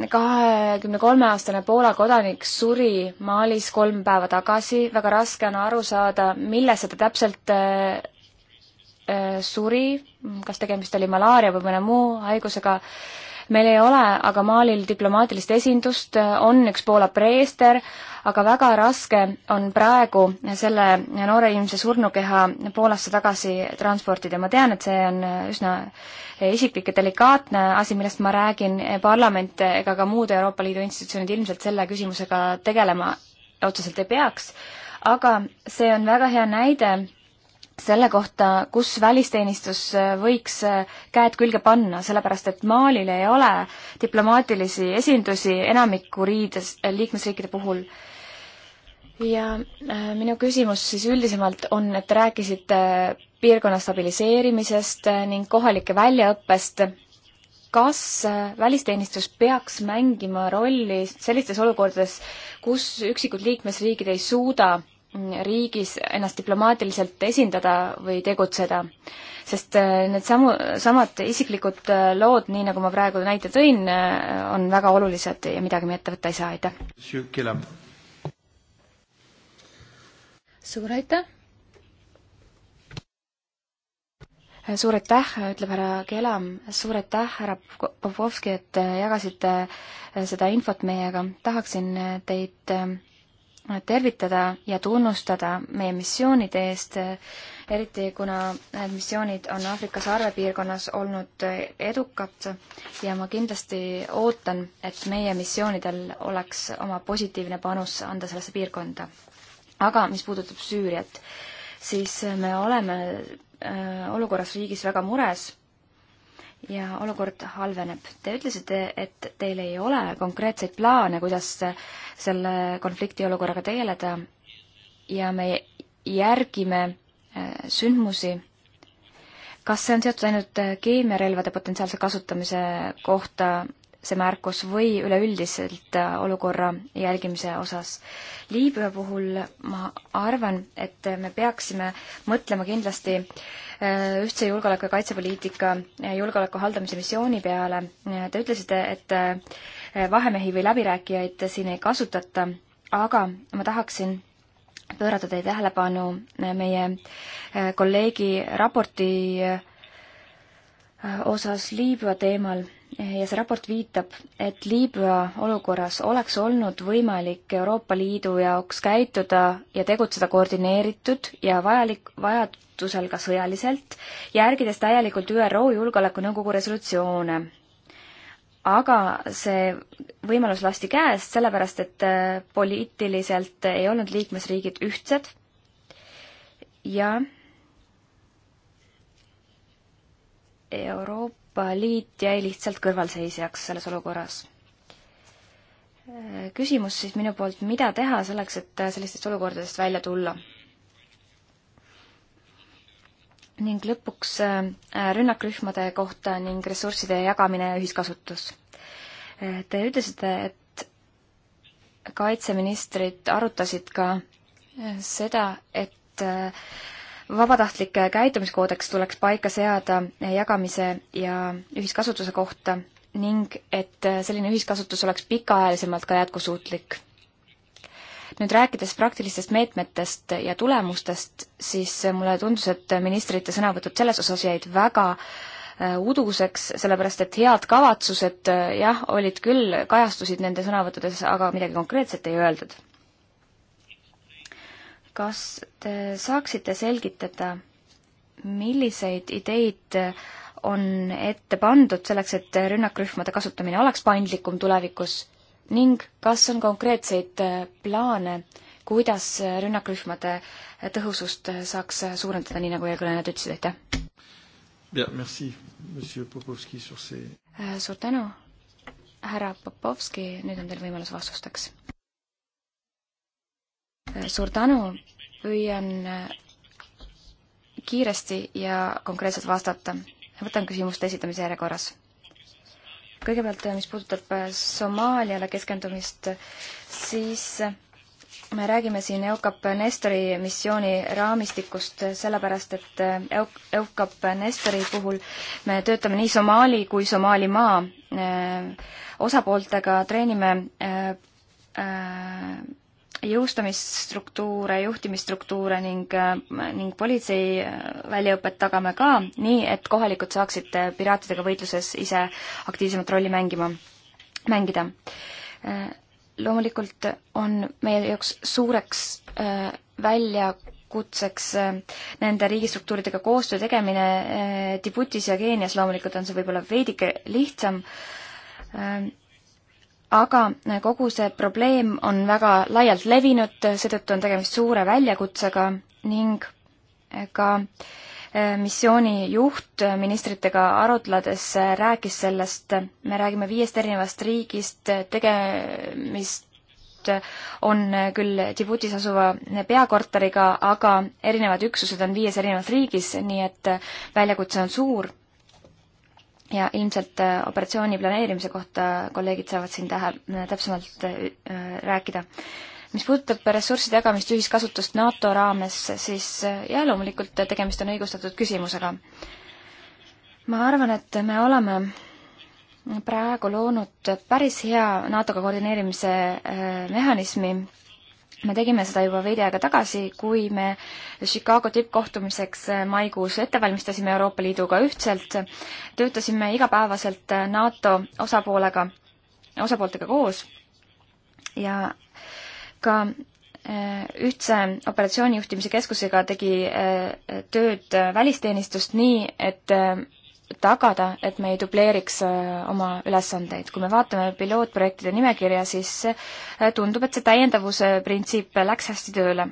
C: kahekümne kolme aastane Poola kodanik suri Malis kolm päeva tagasi, väga raske on aru saada, millesse ta täpselt äh, äh, suri, kas tegemist oli malaaria või mõne muu haigusega. meil ei ole aga Malil diplomaatilist esindust, on üks Poola preester, aga väga raske on praegu selle noore inimese surnukeha Poolasse tagasi transportida. ma tean, et see on üsna isiklik ja delikaatne asi, millest ma räägin, parlament ega ka muud Euroopa Liidu institutsioonid ilmselt selle küsimusega tegelema otseselt ei peaks, aga see on väga hea näide selle kohta, kus välisteenistus võiks käed külge panna, sellepärast et Malil ei ole diplomaatilisi esindusi enamiku riides liikmesriikide puhul ja äh, minu küsimus siis üldisemalt on, et rääkisite äh, piirkonna stabiliseerimisest äh, ning kohalike väljaõppest. kas välisteenistus peaks mängima rolli sellistes olukordades, kus üksikud liikmesriigid ei suuda mm, riigis ennast diplomaatiliselt esindada või tegutseda. sest need samu, samad isiklikud lood, nii nagu ma praegu näite tõin, on väga olulised ja midagi me ette võtta ei saa, aitäh suur aitäh! suur aitäh, ütleb härra Kelam, suur aitäh, härra Popovski, et jagasite seda infot meiega. tahaksin teid äh, tervitada ja tunnustada meie missioonide eest, eriti kuna need missioonid on Aafrika sarvepiirkonnas olnud edukad ja ma kindlasti ootan, et meie missioonidel oleks oma positiivne panus anda sellesse piirkonda aga mis puudutab Süüriat, siis me oleme äh, olukorras riigis väga mures ja olukord halveneb. Te ütlesite, et teil ei ole konkreetseid plaane, kuidas selle konflikti olukorraga tegeleda ja me järgime äh, sündmusi. kas see on seotud ainult keemiarelvade potentsiaalse kasutamise kohta see märkus või üleüldiselt äh, olukorra jälgimise osas. Liibüa puhul ma arvan, et me peaksime mõtlema kindlasti äh, ühtse julgeoleku ja kaitsepoliitika julgeoleku haldamise missiooni peale. Äh, te ütlesite, et vahemehi või läbirääkijaid siin ei kasutata, aga ma tahaksin pöörata teie tähelepanu meie kolleegi raporti osas Liibüa teemal ja see raport viitab, et Liibüa olukorras oleks olnud võimalik Euroopa Liidu jaoks käituda ja tegutseda koordineeritud ja vajalik, vajadusel ka sõjaliselt, järgides täielikult ÜRO Julgeolekunõukogu resolutsioone aga see võimalus lasti käest, sellepärast et äh, poliitiliselt ei olnud liikmesriigid ühtsed ja Euroopa Euroopa Liit jäi lihtsalt kõrvalseisjaks selles olukorras. Äh, küsimus siis minu poolt, mida teha selleks, et äh, sellistest olukordadest välja tulla? ning lõpuks äh, rünnakrühmade kohta ning ressursside jagamine ja ühiskasutus. Te ütlesite, et kaitseministrid arutasid ka seda, et vabatahtlik käitumiskoodeks tuleks paika seada jagamise ja ühiskasutuse kohta ning et selline ühiskasutus oleks pikaajalisemalt ka jätkusuutlik. nüüd rääkides praktilistest meetmetest ja tulemustest, siis mulle tundus, et ministrite sõnavõtud selles osas jäid väga äh, uduseks, sellepärast et head kavatsused äh, jah, olid küll, kajastusid nende sõnavõttudes, aga midagi konkreetset ei öeldud kas te saaksite selgitada, milliseid ideid on ette pandud selleks, et rünnakrühmade kasutamine oleks paindlikum tulevikus ning kas on konkreetseid plaane, kuidas rünnakrühmade tõhusust saaks suurendada, nii nagu eelkõnelejad ütlesid, aitäh! suur tänu, härra Popovski, nüüd on teil võimalus vastusteks Äh, suur tänu, püüan äh, kiiresti ja konkreetselt vastata. võtan küsimuste esitamise järjekorras. kõigepealt, äh, mis puudutab Somaaliale keskendumist, siis me räägime siin EUCAP Nestori missiooni raamistikust, sellepärast et EUCAP Nestori puhul me töötame nii Somaali kui Somaalimaa osapooltega, treenime jõustamisstruktuure, juhtimisstruktuure ning, ning politsei väljaõpet tagame ka, nii et kohalikud saaksid piraatidega võitluses ise aktiivsemat rolli mängima, mängida. loomulikult on meie jaoks suureks väljakutseks äh, nende riigistruktuuridega koostöö tegemine, äh, Djiboutis ja Keenias loomulikult on see võib-olla veidike lihtsam, äh, aga kogu see probleem on väga laialt levinud, seetõttu on tegemist suure väljakutsega ning ka äh, missiooni juht ministritega arutledes äh, rääkis sellest, me räägime viiest erinevast riigist, äh, tegemist on küll Djiboutis asuva peakorteriga, aga erinevad üksused on viies erinevas riigis, nii et väljakutse on suur ja ilmselt äh, operatsiooni planeerimise kohta kolleegid saavad siin tähe-, täpsemalt äh, äh, rääkida. mis puudutab ressursside jagamist ühiskasutust NATO raames, siis jah, loomulikult tegemist on õigustatud küsimusega. ma arvan, et me oleme praegu loonud päris hea NATO-ga koordineerimise mehhanismi me tegime seda juba veidi aega tagasi, kui me Chicago tippkohtumiseks eh, maikuus ette valmistasime Euroopa Liiduga ühtselt, töötasime igapäevaselt eh, NATO osapoolega, osapooltega koos ja ka eh, ühtse operatsioonijuhtimise keskusega tegi tööd välisteenistust nii, et tagada, et me ei dubleeriks äh, oma ülesandeid. kui me vaatame pilootprojektide nimekirja, siis äh, tundub, et see täiendavuse printsiip läks hästi tööle.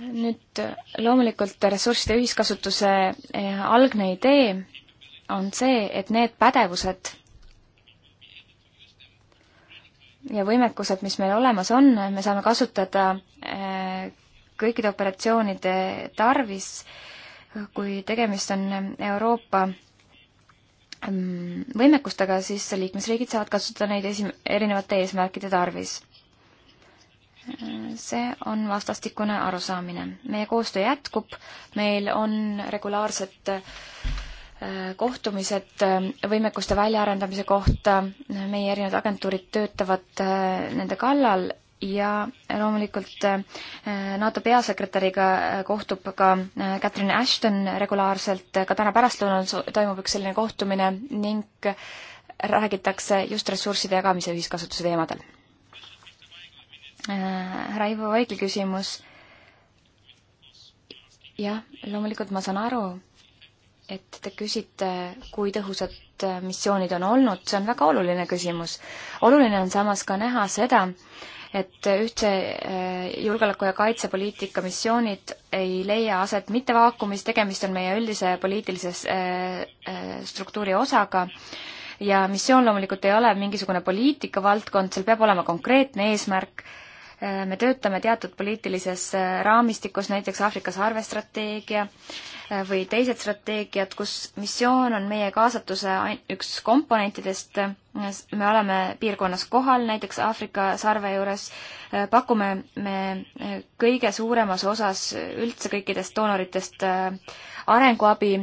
C: nüüd äh, loomulikult ressursside ühiskasutuse algne idee on see, et need pädevused ja võimekused, mis meil olemas on, me saame kasutada kõikide operatsioonide tarvis äh, kui tegemist on Euroopa mm, võimekustega, siis liikmesriigid saavad kasutada neid esi-, erinevate eesmärkide tarvis. see on vastastikune arusaamine. meie koostöö jätkub, meil on regulaarsed äh, kohtumised äh, võimekuste väljaarendamise kohta, meie erinevad agentuurid töötavad äh, nende kallal ja loomulikult äh, NATO peasekretäriga äh, kohtub ka äh, Catherine Ashton regulaarselt, ka täna pärastlõunal toimub üks selline kohtumine ning räägitakse just ressursside jagamise ühiskasutuse teemadel. härra Ivo Vaigli küsimus. jah, loomulikult ma saan aru, et te küsite, kui tõhusad missioonid on olnud, see on väga oluline küsimus. oluline on samas ka näha seda, et ühtse äh, julgeoleku- ja kaitsepoliitika missioonid ei leia aset mitte vaakumis, tegemist on meie üldise poliitilise äh, äh, struktuuri osaga ja missioon loomulikult ei ole mingisugune poliitikavaldkond, seal peab olema konkreetne eesmärk me töötame teatud poliitilises äh, raamistikus, näiteks Aafrika sarvestrateegia äh, või teised strateegiad, kus missioon on meie kaasatuse üks komponentidest. me oleme piirkonnas kohal, näiteks Aafrika sarve juures äh, pakume me kõige suuremas osas üldse kõikidest doonoritest arenguabi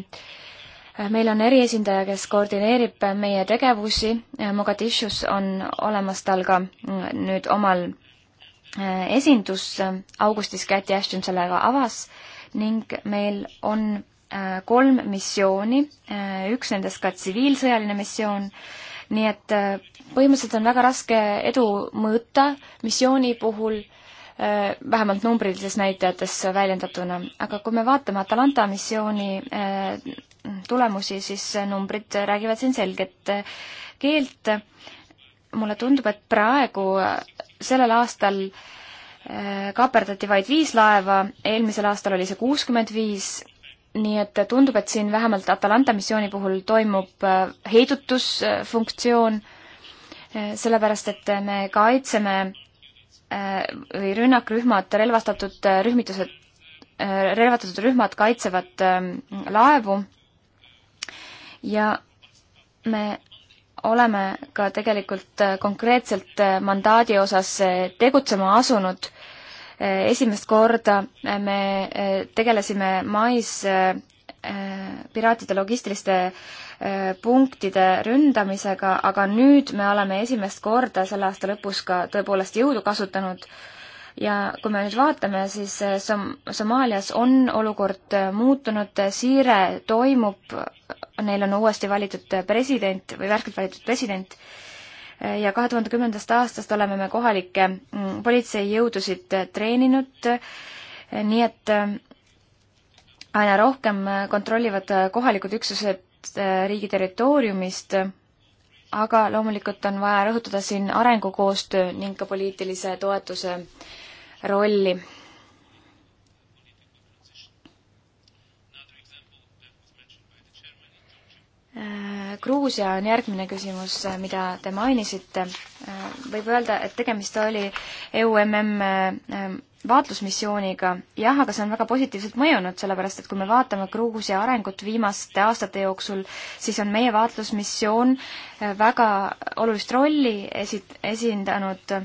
C: meil on eriesindaja, kes koordineerib meie tegevusi, Mogadishus on olemas tal ka mm, nüüd omal Äh, esindus äh, augustis Käti Ashton sellega avas ning meil on äh, kolm missiooni, üks nendest ka tsiviilsõjaline missioon, nii et põhimõtteliselt on väga raske edu mõõta missiooni puhul, vähemalt numbrilises näitajates väljendatuna, aga kui me vaatame Atalanta missiooni tulemusi, siis numbrid räägivad siin selget keelt. mulle tundub, et praegu sellel aastal äh, kaaperdati vaid viis laeva, eelmisel aastal oli see kuuskümmend viis, nii et tundub, et siin vähemalt Atalanta missiooni puhul toimub äh, heidutusfunktsioon, äh, sellepärast et me kaitseme või rünnakrühmad, relvastatud rühmitused, relvatatud rühmad kaitsevad ähm, laevu ja me oleme ka tegelikult äh, konkreetselt äh, mandaadi osas äh, tegutsema asunud. esimest korda me tegelesime mais piraatide logistiliste punktide ründamisega, aga nüüd me oleme esimest korda selle aasta lõpus ka tõepoolest jõudu kasutanud ja kui me nüüd vaatame, siis Som-, Somaalias on olukord muutunud, siire toimub, neil on uuesti valitud president või värskelt valitud president ja kahe tuhande kümnendast aastast oleme me kohalikke mm, politseijõudusid treeninud, nii et äh, aina rohkem äh, kontrollivad äh, kohalikud üksused riigi territooriumist, aga loomulikult on vaja rõhutada siin arengukoostöö ning ka poliitilise toetuse rolli Gruusia on järgmine küsimus, äh, mida te mainisite. Äh, võib öelda, et tegemist oli EUMM äh, vaatlusmissiooniga, jah, aga see on väga positiivselt mõjunud, sellepärast et kui me vaatame Gruusia arengut viimaste aastate jooksul, siis on meie vaatlusmissioon väga olulist rolli esi-, esindanud.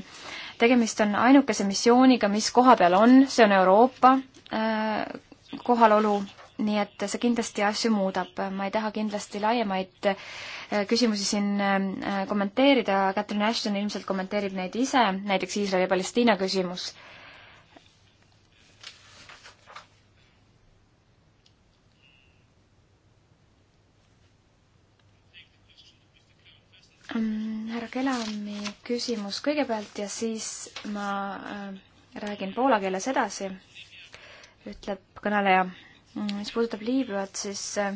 C: tegemist on ainukese missiooniga, mis kohapeal on, see on Euroopa kohalolu nii et see kindlasti asju muudab. ma ei taha kindlasti laiemaid äh, küsimusi siin äh, kommenteerida, Catherine Ashton ilmselt kommenteerib neid ise, näiteks Iisraeli ja Palestiina küsimus. Mm, härra Kelami küsimus kõigepealt ja siis ma äh, räägin poola keeles edasi, ütleb kõneleja Mm, mis puudutab Liibüat, siis äh,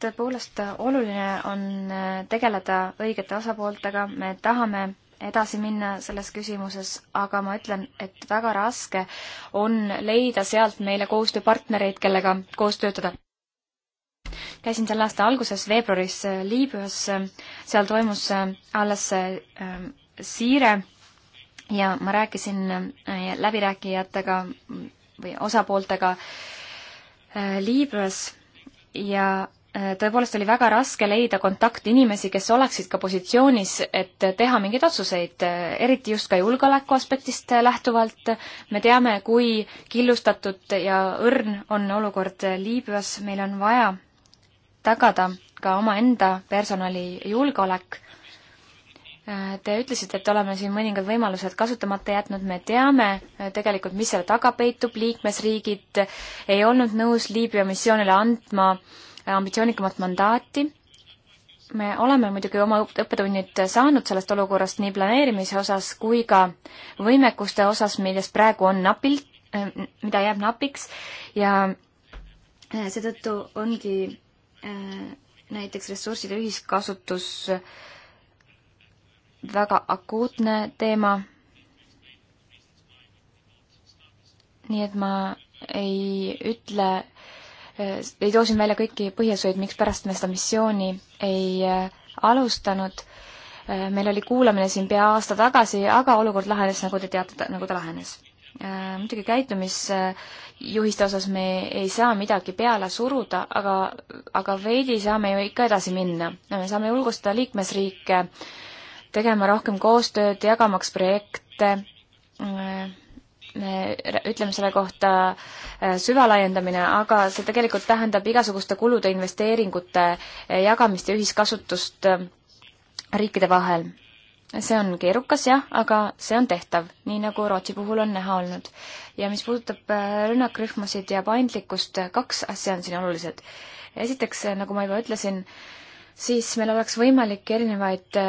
C: tõepoolest äh, oluline on äh, tegeleda õigete osapooltega, me tahame edasi minna selles küsimuses, aga ma ütlen, et väga raske on leida sealt meile koostööpartnereid, kellega koos töötada. käisin selle aasta alguses veebruaris Liibüas, seal toimus alles siire ja ma rääkisin läbirääkijatega või osapooltega äh, Libras ja äh, tõepoolest oli väga raske leida kontaktinimesi, kes oleksid ka positsioonis, et teha mingeid otsuseid, äh, eriti just ka julgeoleku aspektist lähtuvalt. me teame, kui killustatud ja õrn on olukord Liibüas, meil on vaja tagada ka omaenda personali julgeolek Te ütlesite, et oleme siin mõningad võimalused kasutamata jätnud, me teame äh, tegelikult, mis selle taga peitub, liikmesriigid ei olnud nõus Liibüa missioonile andma äh, ambitsioonikamat mandaati. me oleme muidugi oma õppetunnid saanud sellest olukorrast nii planeerimise osas kui ka võimekuste osas, millest praegu on napilt, äh, mida jääb napiks ja seetõttu ongi näiteks ressursside ühiskasutus äh, väga akuutne teema. nii et ma ei ütle, äh, ei too siin välja kõiki põhjuseid, mikspärast me seda missiooni ei äh, alustanud. Äh, meil oli kuulamine siin pea aasta tagasi, aga olukord lahenes, nagu te teate, nagu ta lahenes muidugi käitumisjuhiste osas me ei saa midagi peale suruda, aga, aga veidi saame ju ikka edasi minna. me saame julgustada liikmesriike äh, tegema rohkem koostööd, jagamaks projekte, me ütleme selle kohta äh, süvalaiendamine, aga see tegelikult tähendab igasuguste kulude, investeeringute äh, jagamist ja ühiskasutust äh, riikide vahel. see on keerukas jah, aga see on tehtav, nii nagu Rootsi puhul on näha olnud. ja mis puudutab rünnakrühmasid ja paindlikkust, kaks asja on siin olulised. esiteks, nagu ma juba ütlesin, siis meil oleks võimalik erinevaid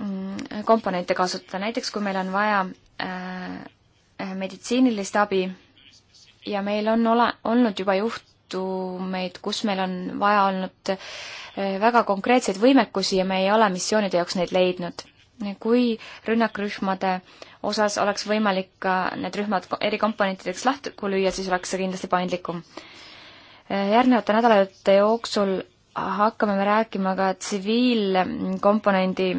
C: Mm, komponente kasutada, näiteks kui meil on vaja äh, meditsiinilist abi ja meil on ole, olnud juba juhtumeid, kus meil on vaja olnud äh, väga konkreetseid võimekusi ja me ei ole missioonide jaoks neid leidnud. kui rünnakrühmade osas oleks võimalik ka need rühmad eri komponentideks lahku lüüa, siis oleks see kindlasti paindlikum. Äh, järgnevate nädalate jooksul hakkame me rääkima ka tsiviilkomponendi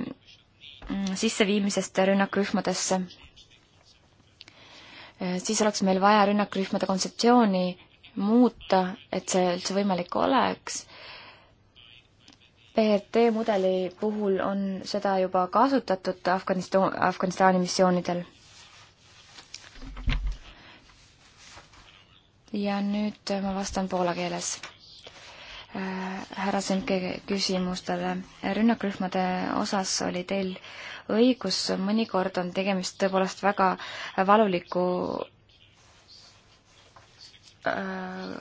C: Mm, sisseviimisest rünnakrühmadesse. Äh, siis oleks meil vaja rünnakrühmade kontseptsiooni muuta, et see üldse võimalik oleks. PRT mudeli puhul on seda juba kasutatud Afganistan, Afganistani missioonidel. ja nüüd ma vastan poola keeles härra Semke küsimustele. rünnakrühmade osas oli teil õigus, mõnikord on tegemist tõepoolest väga valuliku äh,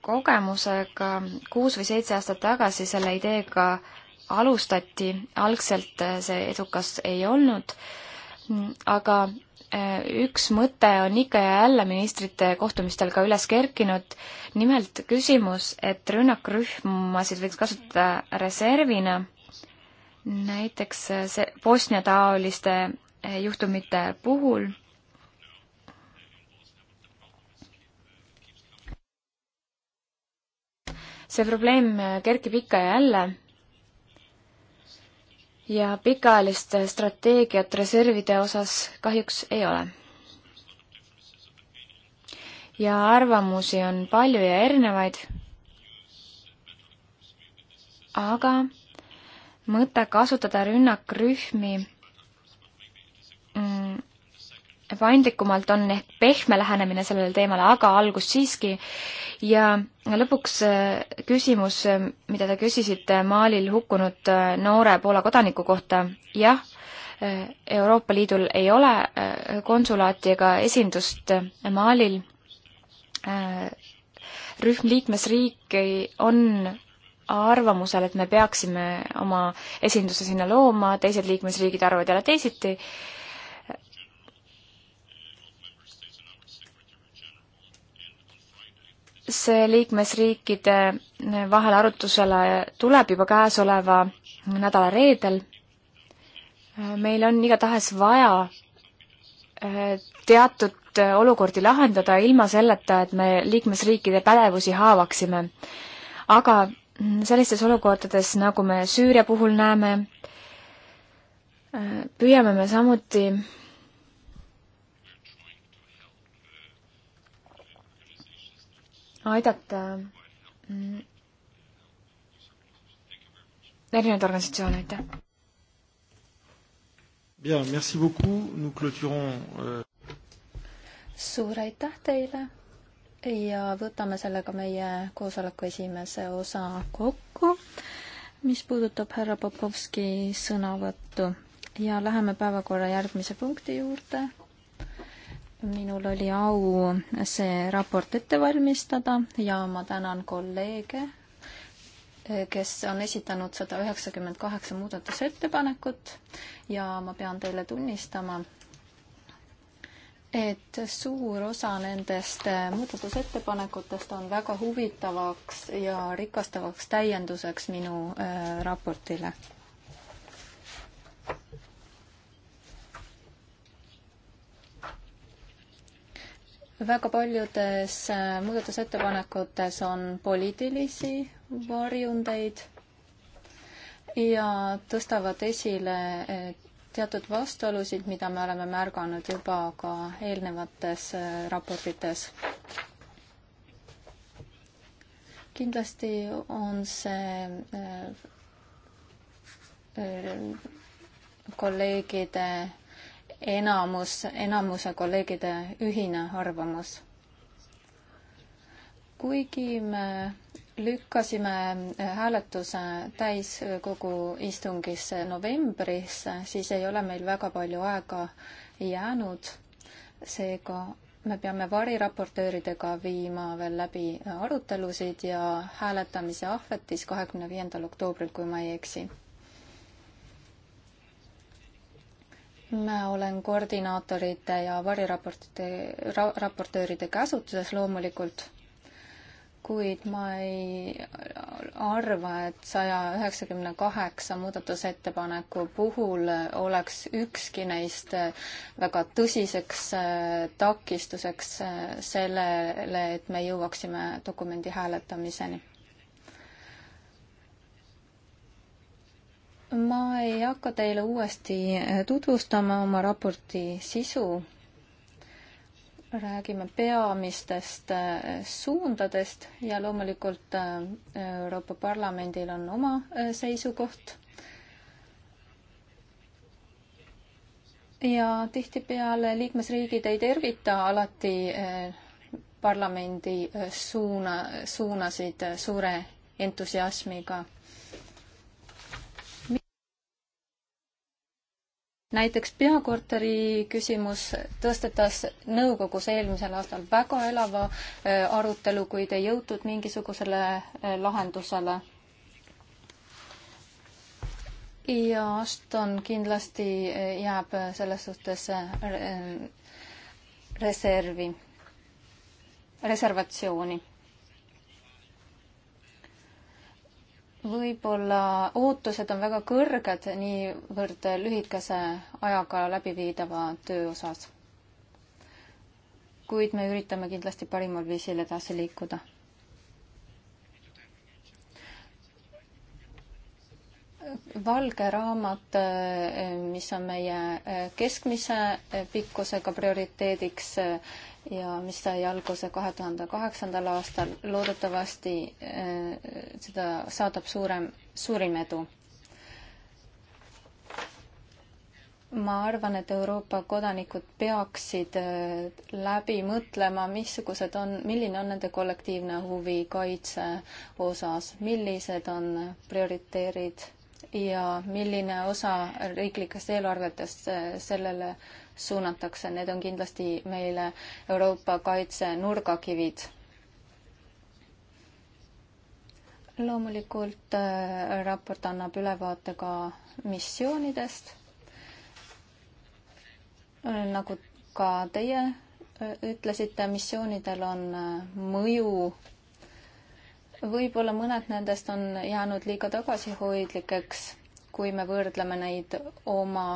C: kogemusega. kuus või seitse aastat tagasi selle ideega alustati, algselt see edukas ei olnud, aga üks mõte on ikka ja jälle ministrite kohtumistel ka üles kerkinud, nimelt küsimus, et rünnakrühmasid võiks kasutada reservina, näiteks see Bosnia-taoliste juhtumite puhul see probleem kerkib ikka ja jälle ja pikaajalist strateegiat reservide osas kahjuks ei ole. ja arvamusi on palju ja erinevaid, aga mõte kasutada rünnakrühmi paindlikumalt, on ehk pehme lähenemine sellele teemale, aga algus siiski. ja lõpuks äh, küsimus, äh, mida te küsisite Malil hukkunud äh, noore Poola kodaniku kohta, jah, Euroopa Liidul ei ole konsulaati ega esindust Malil. rühm liikmesriiki on arvamusel, et me peaksime oma esinduse sinna looma, teised liikmesriigid arvavad jälle teisiti see liikmesriikide vahel arutusele tuleb juba käesoleva nädala reedel. meil on igatahes vaja eh, teatud olukordi lahendada ilma selleta, et me liikmesriikide pädevusi haavaksime. aga sellistes olukordades, nagu me Süüria puhul näeme, eh, püüame me samuti aidata mm, erinevaid organisatsioone, aitäh!
A: Bien, merci beaucoup, nous clôturons euh... suur aitäh teile ja võtame sellega meie koosoleku esimese osa kokku, mis puudutab härra Popovski sõnavõttu ja läheme päevakorra järgmise punkti juurde minul oli au see raport ette valmistada ja ma tänan kolleege, kes on esitanud sada üheksakümmend kaheksa muudatusettepanekut ja ma pean teile tunnistama, et suur osa nendest muudatusettepanekutest on väga huvitavaks ja rikastavaks täienduseks minu äh, raportile. väga paljudes äh, muudatusettepanekutes on poliitilisi varjundeid ja tõstavad esile äh, teatud vastuolusid, mida me oleme märganud juba ka eelnevates äh, raportites kindlasti on see kolleegide enamus, enamuse kolleegide ühine arvamus. kuigi me lükkasime hääletuse täiskogu istungisse novembrisse, siis ei ole meil väga palju aega jäänud. seega me peame variraportööridega viima veel läbi arutelusid ja hääletamise ahvetis kahekümne viiendal oktoobril, kui ma ei eksi ma olen koordinaatorite ja variraportite ra,, raportööride käsutuses loomulikult, kuid ma ei arva, et saja üheksakümne kaheksa muudatusettepaneku puhul oleks ükski neist väga tõsiseks äh, takistuseks äh, sellele, et me jõuaksime dokumendi hääletamiseni ma ei hakka teile uuesti äh, tutvustama oma raporti sisu. räägime peamistest äh, suundadest ja loomulikult äh, Euroopa Parlamendil on oma seisukoht. ja tihtipeale liikmesriigid ei tervita alati parlamendi suuna, suunasid suure entusiasmiga näiteks peakorteri küsimus tõstetas nõukogus eelmisel aastal väga elava äh, arutelu, kuid ei jõutud mingisugusele äh, lahendusele. ja Ashton kindlasti äh, jääb selles suhtes reservi, reservatsiooni võib-olla ootused on väga kõrged niivõrd lühikese ajaga läbiviidava töö osas. kuid me üritame kindlasti parimal viisil edasi liikuda. valge raamat, mis on meie keskmise pikkusega prioriteediks ja mis sai alguse kahe tuhande kaheksandal aastal. loodetavasti äh, seda saadab suurem, suurim edu. ma arvan, et Euroopa kodanikud peaksid äh, läbi mõtlema, missugused on, milline on nende kollektiivne huvi kaitse osas, millised on prioriteerid ja milline osa riiklikest eelarvetest äh, sellele äh, suunatakse, need on kindlasti meile Euroopa kaitse nurgakivid. loomulikult äh, raport annab ülevaate ka missioonidest, äh, nagu ka teie äh, ütlesite, missioonidel on mõju võib-olla mõned nendest on jäänud liiga tagasihoidlikeks, kui me võrdleme neid oma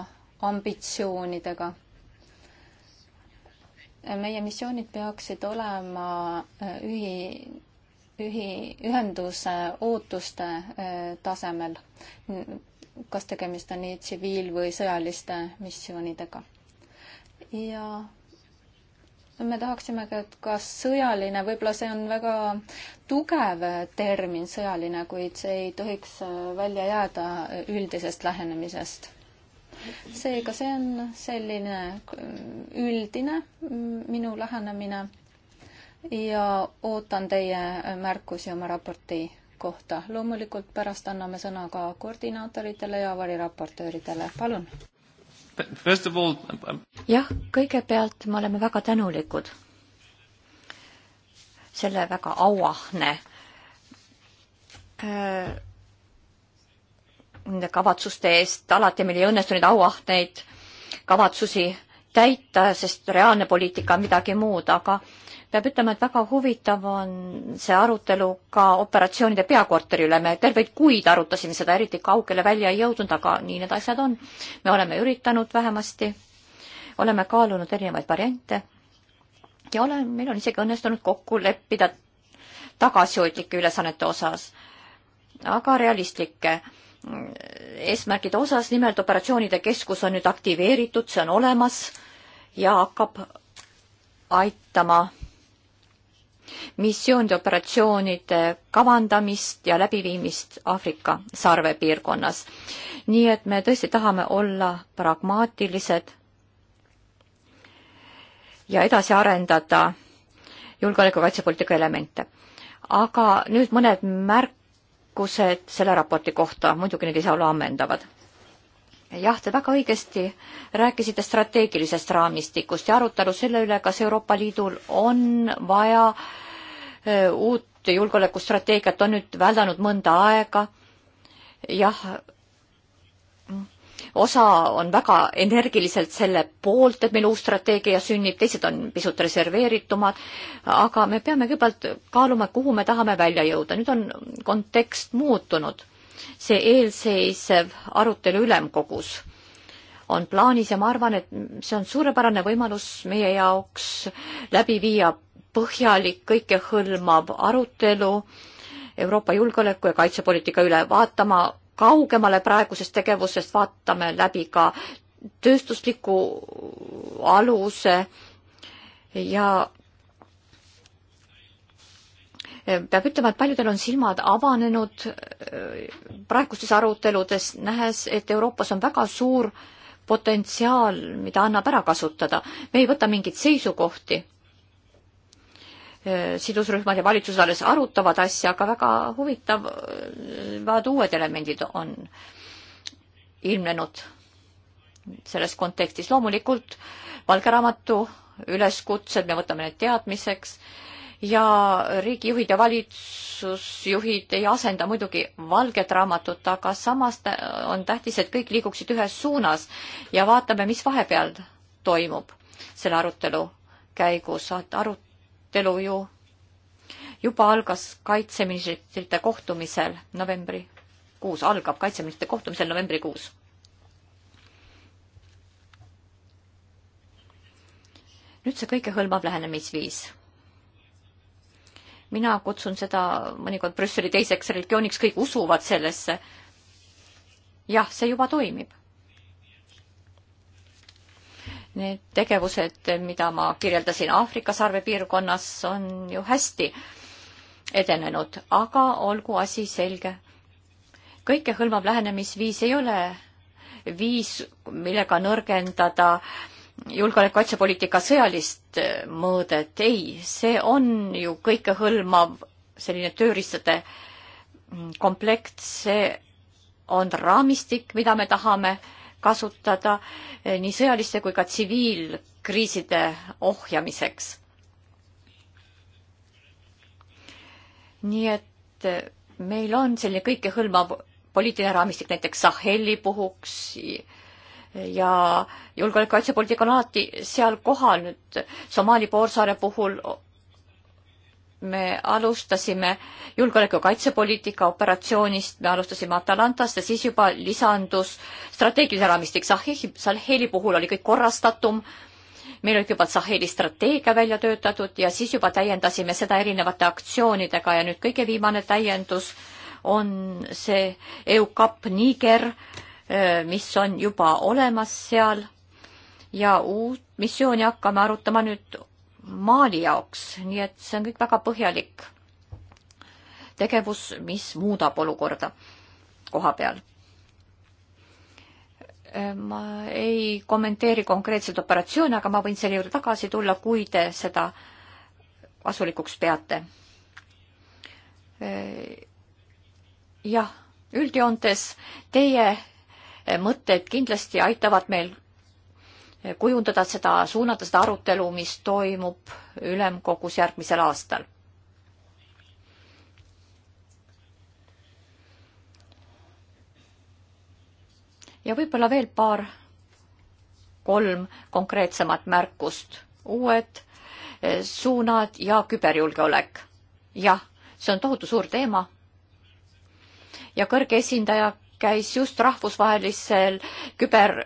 A: ambitsioonidega meie missioonid peaksid olema äh, ühi, ühi, ühenduse ootuste äh, tasemel, kas tegemist on nii tsiviil- või sõjaliste missioonidega. ja me tahaksime ka, et kas sõjaline, võib-olla see on väga tugev termin, sõjaline, kuid see ei tohiks äh, välja jääda üldisest lähenemisest seega see on selline üldine minu lähenemine ja ootan teie märkusi oma raporti kohta. loomulikult pärast anname sõna ka koordinaatoritele ja variraportööridele, palun.
B: Um, um, jah, kõigepealt me oleme väga tänulikud selle väga auahne äh, nende kavatsuste eest, alati meil ei õnnestu neid auahneid kavatsusi täita, sest reaalne poliitika on midagi muud, aga peab ütlema, et väga huvitav on see arutelu ka operatsioonide peakorteri üle, me terveid kuid arutasime seda, eriti kaugele välja ei jõudnud, aga nii need asjad on. me oleme üritanud vähemasti, oleme kaalunud erinevaid variante ja olen, meil on isegi õnnestunud kokku leppida tagasihoidlike ülesannete osas, aga realistlike eesmärgide osas, nimelt operatsioonide keskus on nüüd aktiveeritud, see on olemas ja hakkab aitama missioonide operatsioonide kavandamist ja läbiviimist Aafrika sarvepiirkonnas. nii et me tõesti tahame olla pragmaatilised ja edasi arendada julgeoleku kaitsepoliitika elemente. aga nüüd mõned märk-, märkused selle raporti kohta, muidugi need ei saa olla ammendavad. jah, te väga õigesti rääkisite strateegilisest raamistikust ja arutelu selle üle, kas Euroopa Liidul on vaja uut julgeolekustrateegiat, on nüüd väldanud mõnda aega. jah osa on väga energiliselt selle poolt, et meil uus strateegia sünnib, teised on pisut reserveeritumad, aga me peame kõigepealt kaaluma, kuhu me tahame välja jõuda. nüüd on kontekst muutunud. see eelseisev arutelu ülemkogus on plaanis ja ma arvan, et see on suurepärane võimalus meie jaoks läbi viia põhjalik, kõikehõlmav arutelu Euroopa julgeoleku ja kaitsepoliitika üle, vaatama kaugemale praegusest tegevusest, vaatame läbi ka tööstusliku aluse ja peab ütlema, et paljudel on silmad avanenud äh, praegustes aruteludes, nähes, et Euroopas on väga suur potentsiaal, mida annab ära kasutada. me ei võta mingeid seisukohti Äh, sidusrühmad ja valitsus alles arutavad asja, aga väga huvitavad uued elemendid on ilmnenud selles kontekstis. loomulikult valge raamatu üleskutsed, me võtame need teadmiseks ja riigijuhid ja valitsusjuhid ei asenda muidugi valget raamatut, aga samas on tähtis, et kõik liiguksid ühes suunas ja vaatame, mis vahepeal toimub selle arutelu käigus. arut-, arutelu ju juba algas kaitseministrite kohtumisel novembrikuus, algab kaitseministrite kohtumisel novembrikuus. nüüd see kõikehõlmav lähenemisviis. mina kutsun seda mõnikord Brüsseli teiseks religiooniks, kõik usuvad sellesse. jah, see juba toimib. Need tegevused, mida ma kirjeldasin Aafrika sarvepiirkonnas, on ju hästi edenenud, aga olgu asi selge. kõikehõlmav lähenemisviis ei ole viis, millega nõrgendada julgeoleku kaitsepoliitika sõjalist mõõdet, ei, see on ju kõikehõlmav selline tööriistade komplekt, see on raamistik, mida me tahame kasutada eh, nii sõjaliste kui ka tsiviilkriiside ohjamiseks. nii et eh, meil on selline kõikehõlmav poliitiline raamistik näiteks Saheli puhuks eh, ja julgeolekukaitsepoliitika on alati seal kohal nüüd Somaali poolsaare puhul me alustasime julgeoleku- ja kaitsepoliitika operatsioonist, me alustasime Atalantast ja siis juba lisandus strateegilise raamistik. Saheli, Saheli puhul oli kõik korrastatum, meil olid juba Saheli strateegia välja töötatud ja siis juba täiendasime seda erinevate aktsioonidega ja nüüd kõige viimane täiendus on see EUCAP Niger, eh, mis on juba olemas seal ja uut missiooni hakkame arutama nüüd Maali jaoks, nii et see on kõik väga põhjalik tegevus, mis muudab olukorda koha peal. ma ei kommenteeri konkreetseid operatsioone, aga ma võin selle juurde tagasi tulla, kui te seda kasulikuks peate. jah, üldjoontes teie mõtted kindlasti aitavad meil kujundada seda, suunata seda arutelu, mis toimub ülemkogus järgmisel aastal. ja võib-olla veel paar, kolm konkreetsemat märkust. uued eh, suunad ja küberjulgeolek. jah, see on tohutu suur teema. ja kõrge esindaja käis just rahvusvahelisel küber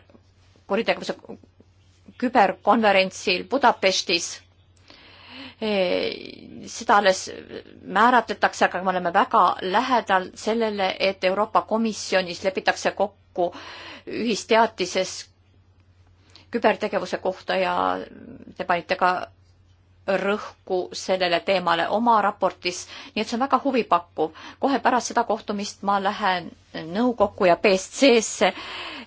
B: kuritegevuse küberkonverentsil Budapestis. E, seda alles määratletakse, aga me oleme väga lähedal sellele, et Euroopa Komisjonis lepitakse kokku ühisteatises kübertegevuse kohta ja te panite ka rõhku sellele teemale oma raportis, nii et see on väga huvipakkuv. kohe pärast seda kohtumist ma lähen nõukokku ja BSC-sse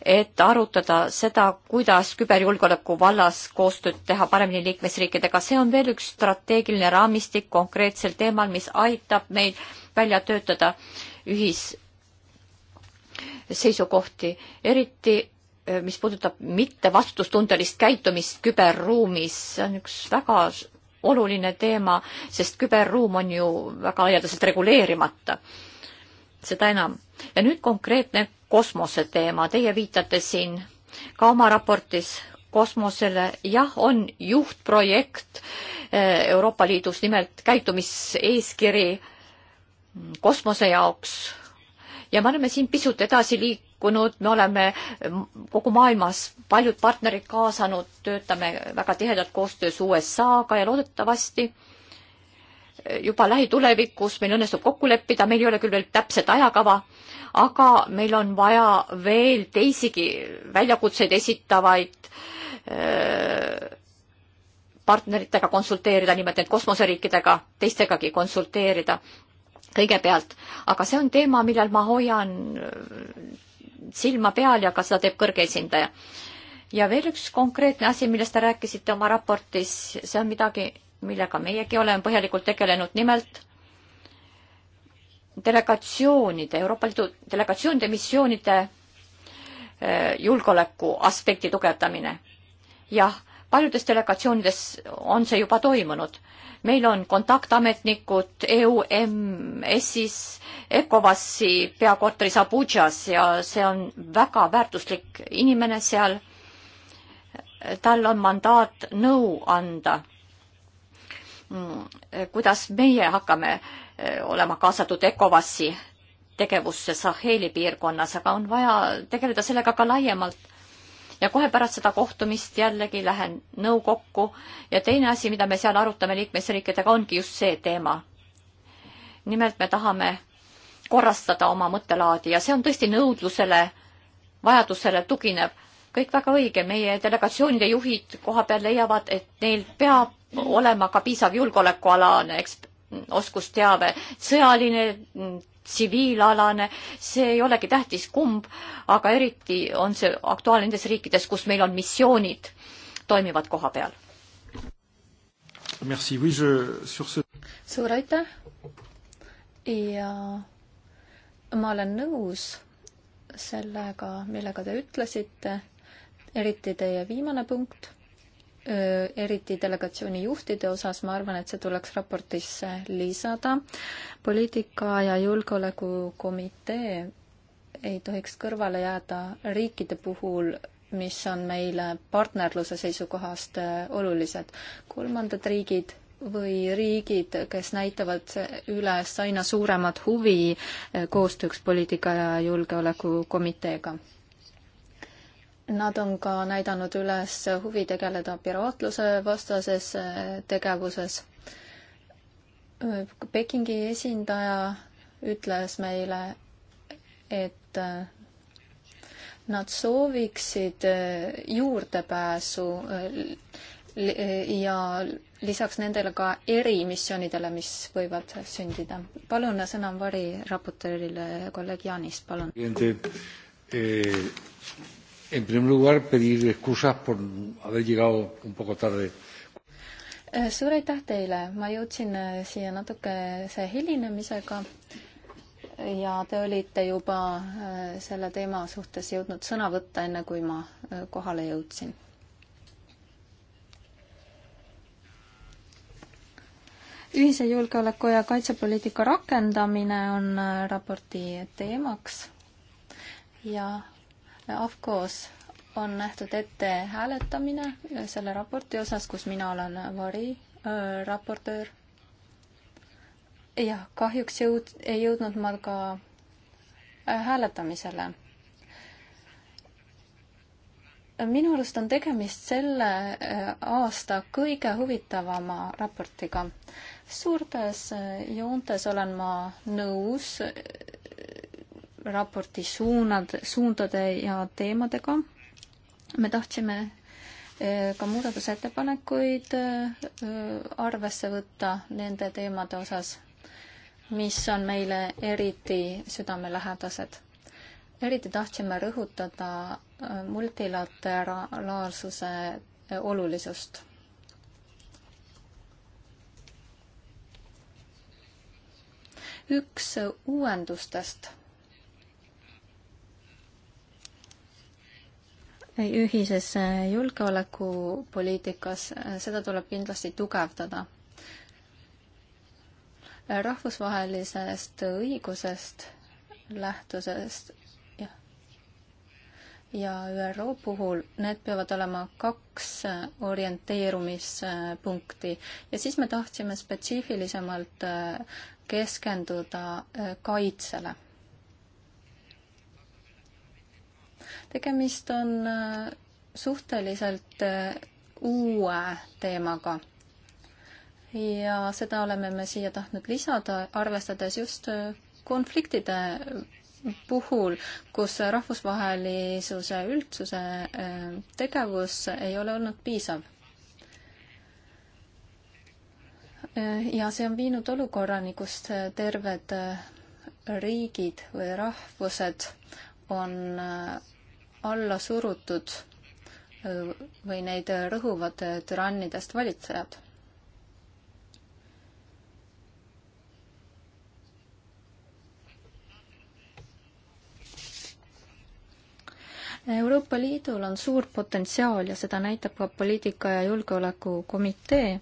B: et arutada seda, kuidas küberjulgeoleku vallas koostööd teha paremini liikmesriikidega. see on veel üks strateegiline raamistik konkreetsel teemal, mis aitab meil välja töötada ühisseisukohti, eriti eh, mis puudutab mittevastutustundelist käitumist küberruumis, see on üks väga oluline teema, sest küberruum on ju väga laialdaselt reguleerimata seda enam. ja nüüd konkreetne kosmose teema, teie viitate siin ka oma raportis kosmosele, jah, on juhtprojekt eh, Euroopa Liidus, nimelt käitumiseeskiri kosmose jaoks ja me oleme siin pisut edasi liikunud, me oleme kogu maailmas paljud partnerid kaasanud, töötame väga tihedalt koostöös USA-ga ja loodetavasti äh, juba lähitulevikus meil õnnestub kokku leppida, meil ei ole küll veel täpset ajakava, aga meil on vaja veel teisigi väljakutseid esitavaid äh, partneritega konsulteerida, nimelt need kosmoseriikidega, teistegagi konsulteerida kõigepealt. aga see on teema, millel ma hoian äh, silma peal ja ka seda teeb kõrge esindaja. ja veel üks konkreetne asi, millest te rääkisite oma raportis, see on midagi, millega meiegi oleme põhjalikult tegelenud, nimelt delegatsioonide, Euroopa Liidu delegatsioonide missioonide eh, julgeoleku aspekti tugevdamine. jah, paljudes delegatsioonides on see juba toimunud. meil on kontaktametnikud EUMS-is, ECOWAS-i peakorteris Abujas ja see on väga väärtuslik inimene seal. tal on mandaat nõu anda Mm, kuidas meie hakkame eh, olema kaasatud ECOWAS-i tegevusse Saheli piirkonnas, aga on vaja tegeleda sellega ka laiemalt. ja kohe pärast seda kohtumist jällegi lähen nõukokku ja teine asi, mida me seal arutame liikmesriikidega, ongi just see teema. nimelt me tahame korrastada oma mõttelaadi ja see on tõesti nõudlusele, vajadusele tuginev kõik väga õige, meie delegatsioonide juhid koha peal leiavad, et neil peab olema ka piisav julgeolekualane eks-, oskusteave, sõjaline, tsiviilalane, see ei olegi tähtis kumb, aga eriti on see aktuaalne nendes riikides, kus meil on missioonid, toimivad koha peal. suur aitäh
A: ja ma olen nõus sellega, millega te ütlesite eriti teie viimane punkt, eriti delegatsiooni juhtide osas, ma arvan, et see tuleks raportisse lisada. poliitika- ja julgeolekukomitee ei tohiks kõrvale jääda riikide puhul, mis on meile partnerluse seisukohast olulised. kolmandad riigid või riigid, kes näitavad üles aina suuremat huvi koostööks poliitika- ja julgeolekukomiteega Nad on ka näidanud üles huvi tegeleda piraatluse vastases äh, tegevuses. Äh, Pekingi esindaja ütles meile, et äh, nad sooviksid juurdepääsu ja lisaks nendele ka erimissioonidele, mis võivad sündida. palun, sõna on variraportöörile, kolleeg Jaanist, palun.
B: En primer lugar, pedir excusas por haber llegado un poco tarde.
A: Eh, suur aitäh teile, ma jõudsin eh, siia natukese hilinemisega ja te olite juba eh, selle teema suhtes jõudnud sõna võtta, enne kui ma kohale jõudsin. ühise julgeoleku ja kaitsepoliitika rakendamine on raporti teemaks ja AFCOs on nähtud ette hääletamine selle raporti osas, kus mina olen vari äh, raportöör. jah, kahjuks jõud-, ei jõudnud ma ka äh, hääletamisele. minu arust on tegemist selle äh, aasta kõige huvitavama raportiga. suurtes äh, joontes olen ma nõus raporti suunad, suundade ja teemadega. me tahtsime eh, ka muudatusettepanekuid eh, arvesse võtta nende teemade osas, mis on meile eriti südamelähedased. eriti tahtsime rõhutada eh, multilateraalsuse olulisust. üks uuendustest ühises julgeolekupoliitikas, seda tuleb kindlasti tugevdada. rahvusvahelisest õigusest lähtusest ja, ja ÜRO puhul need peavad olema kaks orienteerumispunkti ja siis me tahtsime spetsiifilisemalt keskenduda kaitsele tegemist on äh, suhteliselt äh, uue teemaga ja seda oleme me siia tahtnud lisada, arvestades just äh, konfliktide puhul, kus rahvusvahelisuse üldsuse tegevus ei ole olnud piisav ja see on viinud olukorrani, kus terved riigid või rahvused on alla surutud või neid rõhuvad türannidest valitsejad. Euroopa Liidul on suur potentsiaal ja seda näitab ka poliitika- ja julgeolekukomitee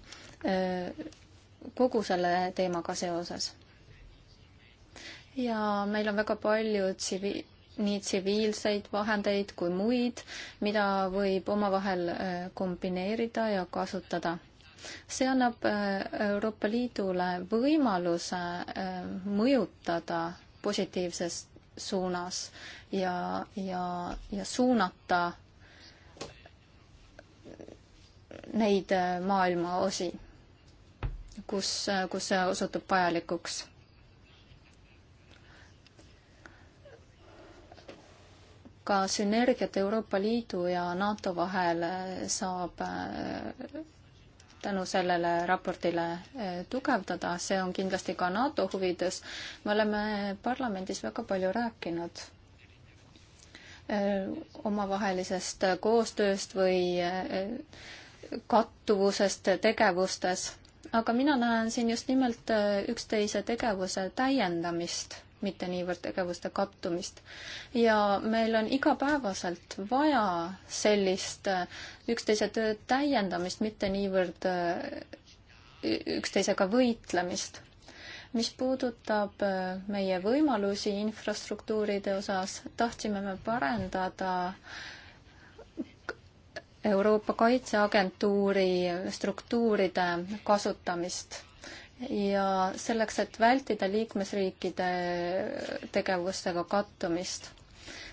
A: kogu selle teemaga seoses. ja meil on väga palju tsivi-, nii tsiviilseid vahendeid kui muid, mida võib omavahel äh, kombineerida ja kasutada. see annab äh, Euroopa Liidule võimaluse äh, mõjutada positiivses suunas ja, ja, ja suunata neid maailma osi, kus, kus see osutub vajalikuks ka sünergiat Euroopa Liidu ja NATO vahel äh, saab äh, tänu sellele raportile äh, tugevdada, see on kindlasti ka NATO huvides. me oleme parlamendis väga palju rääkinud omavahelisest koostööst või kattuvusest tegevustes, aga mina näen siin just nimelt üksteise tegevuse täiendamist mitte niivõrd tegevuste kattumist. ja meil on igapäevaselt vaja sellist äh, üksteise tööd täiendamist, mitte niivõrd äh, üksteisega võitlemist. mis puudutab äh, meie võimalusi infrastruktuuride osas, tahtsime me parendada Euroopa Kaitseagentuuri struktuuride kasutamist ja selleks, et vältida liikmesriikide tegevustega kattumist,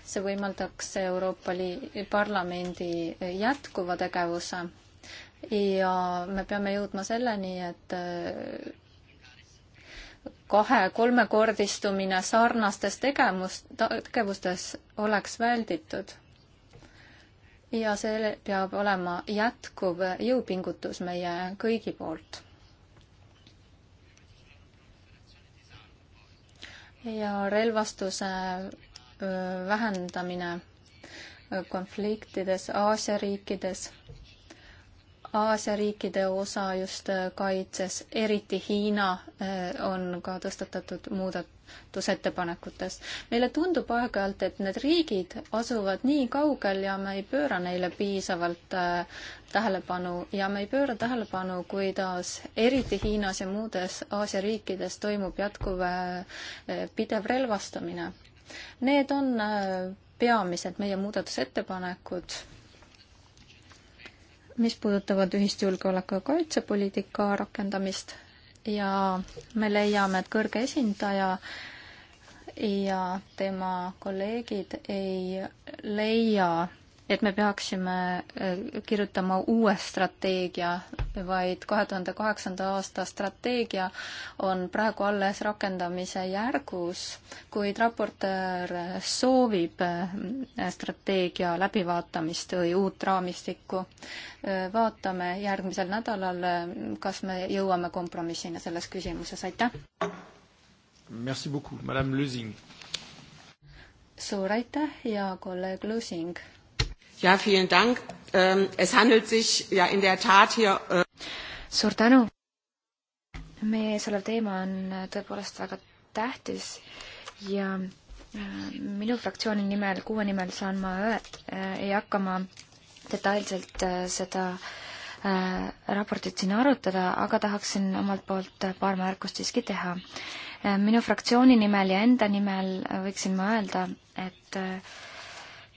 A: see võimaldaks Euroopa Liidu Parlamendi jätkuva tegevuse ja me peame jõudma selleni, et äh, kahe-kolmekordistumine sarnastes tegevus, tegevustes oleks välditud. ja see peab olema jätkuv jõupingutus meie kõigi poolt ja relvastuse vähendamine konfliktides Aasia riikides. Aasia riikide osa just kaitses, eriti Hiina on ka tõstatatud muudat-, muudatusettepanekutest. meile tundub aeg-ajalt, et need riigid asuvad nii kaugel ja me ei pööra neile piisavalt äh, tähelepanu ja me ei pööra tähelepanu, kuidas eriti Hiinas ja muudes Aasia riikides toimub jätkuv äh, äh, pidev relvastamine. Need on peamised meie muudatusettepanekud mis puudutavad ühist julgeoleku- ja kaitsepoliitika rakendamist ja me leiame, et kõrge esindaja ja tema kolleegid ei leia et me peaksime äh, kirjutama uue strateegia, vaid kahe tuhande kaheksanda aasta strateegia on praegu alles rakendamise järgus, kuid raportöör soovib äh, strateegia läbivaatamist või uut raamistikku. Äh, vaatame järgmisel nädalal, kas me jõuame kompromissina selles küsimuses, aitäh! Merci beaucoup, madame Lusing! suur aitäh ja kolleeg Lusing! ja, vielen Dank. Ähm, es handelt sich ja in der Tat hier
C: äh, suur tänu! meie ees olev teema on äh, tõepoolest väga tähtis ja äh, minu fraktsiooni nimel, kuue nimel saan ma öelda, ei hakka ma detailselt seda raportit siin arutada, aga tahaksin omalt poolt paar märkust siiski teha. minu fraktsiooni nimel ja enda nimel võiksin ma öelda, et äh,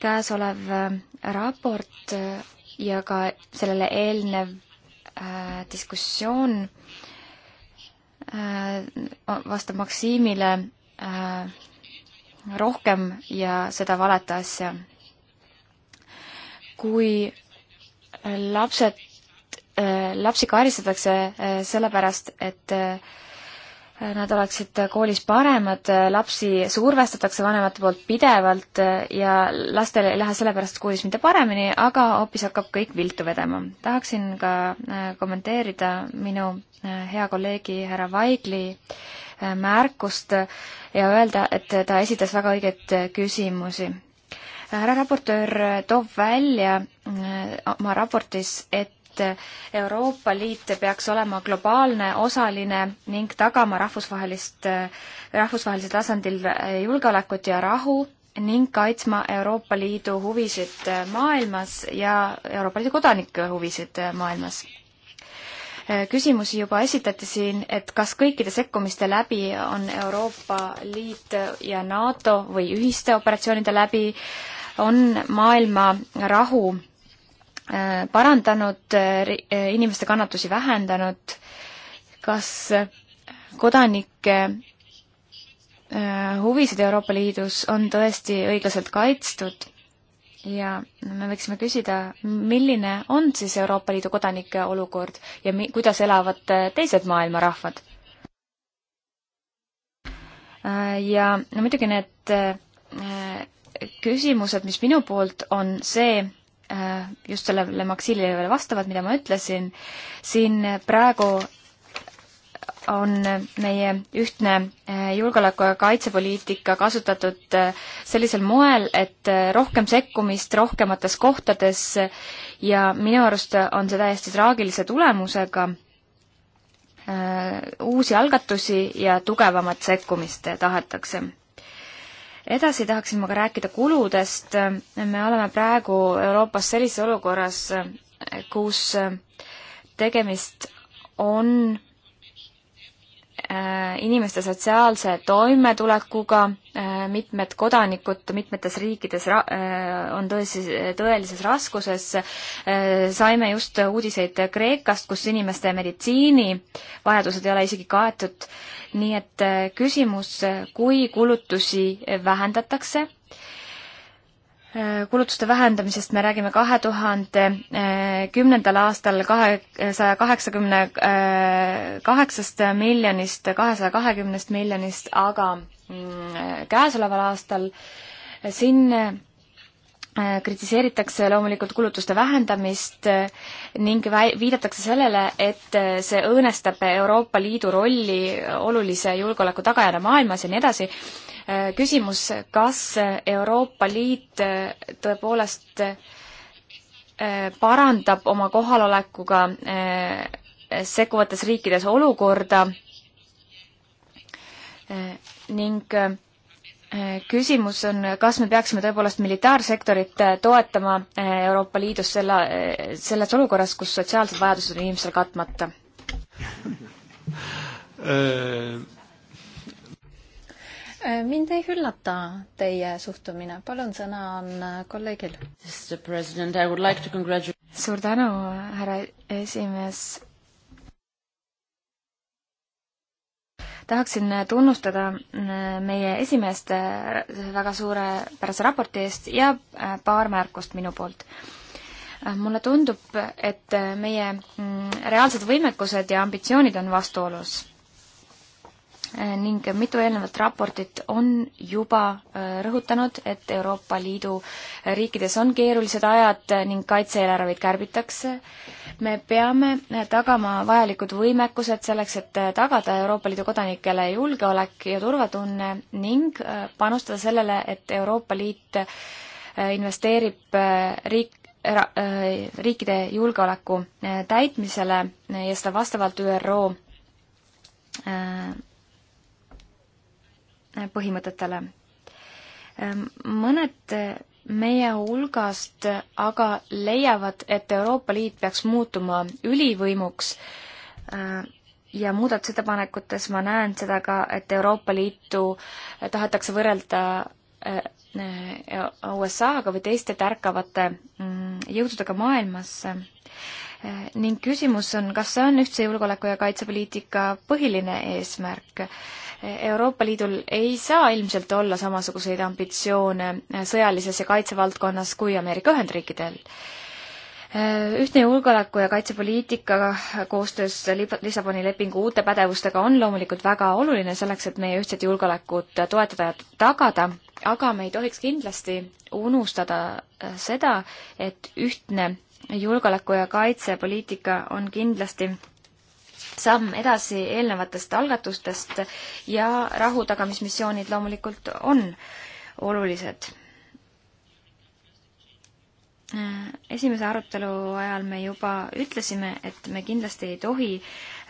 C: käesolev äh, raport äh, ja ka sellele eelnev äh, diskussioon äh, vastab Maksiimile äh, rohkem ja seda valet asja. kui äh, lapsed äh,, lapsi karistatakse äh, sellepärast, et äh, nad oleksid koolis paremad, lapsi survestatakse vanemate poolt pidevalt ja lastel ei lähe sellepärast koolis mitte paremini, aga hoopis hakkab kõik viltu vedama. tahaksin ka äh, kommenteerida minu äh, hea kolleegi härra Vaigli äh, märkust ja öelda, et ta esitas väga õigeid küsimusi härra raportöör toob välja oma raportis, et et Euroopa Liit peaks olema globaalne, osaline ning tagama rahvusvahelist, rahvusvahelisel tasandil julgeolekut ja rahu ning kaitsma Euroopa Liidu huvisid maailmas ja Euroopa Liidu kodanike huvisid maailmas. küsimusi juba esitati siin, et kas kõikide sekkumiste läbi on Euroopa Liit ja NATO või ühiste operatsioonide läbi on maailma rahu Äh, parandanud, äh, äh, inimeste kannatusi vähendanud, kas kodanike huvisid Euroopa Liidus on tõesti õiglaselt kaitstud ja me võiksime küsida, milline on siis Euroopa Liidu kodanike olukord ja mi-, kuidas elavad teised maailma rahvad? ja no muidugi need küsimused, mis minu poolt on see, Äh, just sellele maksiilile vastavad, mida ma ütlesin, siin praegu on meie ühtne äh, julgeoleku- ja kaitsepoliitika kasutatud äh, sellisel moel, et rohkem sekkumist rohkemates kohtades ja minu arust on see täiesti traagilise tulemusega, uusi algatusi ja tugevamat sekkumist tahetakse edasi tahaksin ma ka rääkida kuludest. me oleme praegu Euroopas sellises olukorras, kus tegemist on Äh, inimeste sotsiaalse toimetulekuga, äh, mitmed kodanikud mitmetes riikides ra-, äh, on tõesti, tõelises raskuses, saime just uudiseid Kreekast, kus inimeste meditsiinivajadused ei ole isegi kaetud, nii et küsimus, kui kulutusi vähendatakse, kulutuste vähendamisest me räägime kahe tuhande eh, kümnendal aastal kahesaja kaheksakümne eh, kaheksast miljonist, kahesaja kahekümnest miljonist, aga mm, käesoleval aastal siin eh, kritiseeritakse loomulikult kulutuste vähendamist ning viidatakse sellele, et see õõnestab Euroopa Liidu rolli olulise julgeoleku tagajana maailmas ja nii edasi Äh, küsimus, kas Euroopa Liit äh, tõepoolest äh, parandab oma kohalolekuga sekkuvates riikides olukorda ning küsimus on, kas me peaksime tõepoolest militaarsektorit toetama Euroopa Liidus selle, selles olukorras, kus sotsiaalsed vajadused on inimestel katmata
A: Äh, mind ei üllata teie suhtumine, palun, sõna on äh, kolleegil. Like
C: suur tänu, härra esimees tahaksin äh, tunnustada meie esimeest väga suurepärase raporti eest ja paar märkust minu poolt. mulle tundub, et meie mm, reaalsed võimekused ja ambitsioonid on vastuolus. Eh, ning mitu eelnevat raportit on juba eh, rõhutanud, et Euroopa Liidu eh, riikides on keerulised ajad ning kaitse-eelarveid kärbitakse. me peame tagama vajalikud võimekused selleks, et tagada Euroopa Liidu kodanikele julgeolek ja turvatunne ning panustada sellele, et Euroopa Liit investeerib riik, riikide julgeoleku täitmisele ja seda vastavalt ÜRO põhimõtetele. Ehm, mõned meie hulgast aga leiavad, et Euroopa Liit peaks muutuma ülivõimuks ehm, ja muudatusettepanekutes ma näen seda ka, et Euroopa Liitu tahetakse võrrelda ehm, USA-ga või teiste tärkavate mm, jõududega maailmas ning küsimus on, kas see on ühtse julgeoleku- ja kaitsepoliitika põhiline eesmärk? Euroopa Liidul ei saa ilmselt olla samasuguseid ambitsioone sõjalises ja kaitsevaldkonnas kui Ameerika Ühendriikidel. Ühtne julgeoleku- ja kaitsepoliitika koostöös Lissaboni lepingu uute pädevustega on loomulikult väga oluline selleks, et meie ühtset julgeolekut toetada ja tagada, aga me ei tohiks kindlasti unustada seda, et ühtne julgeoleku- ja kaitsepoliitika on kindlasti samm edasi eelnevatest algatustest ja rahutagamismissioonid loomulikult on olulised. esimese arutelu ajal me juba ütlesime, et me kindlasti ei tohi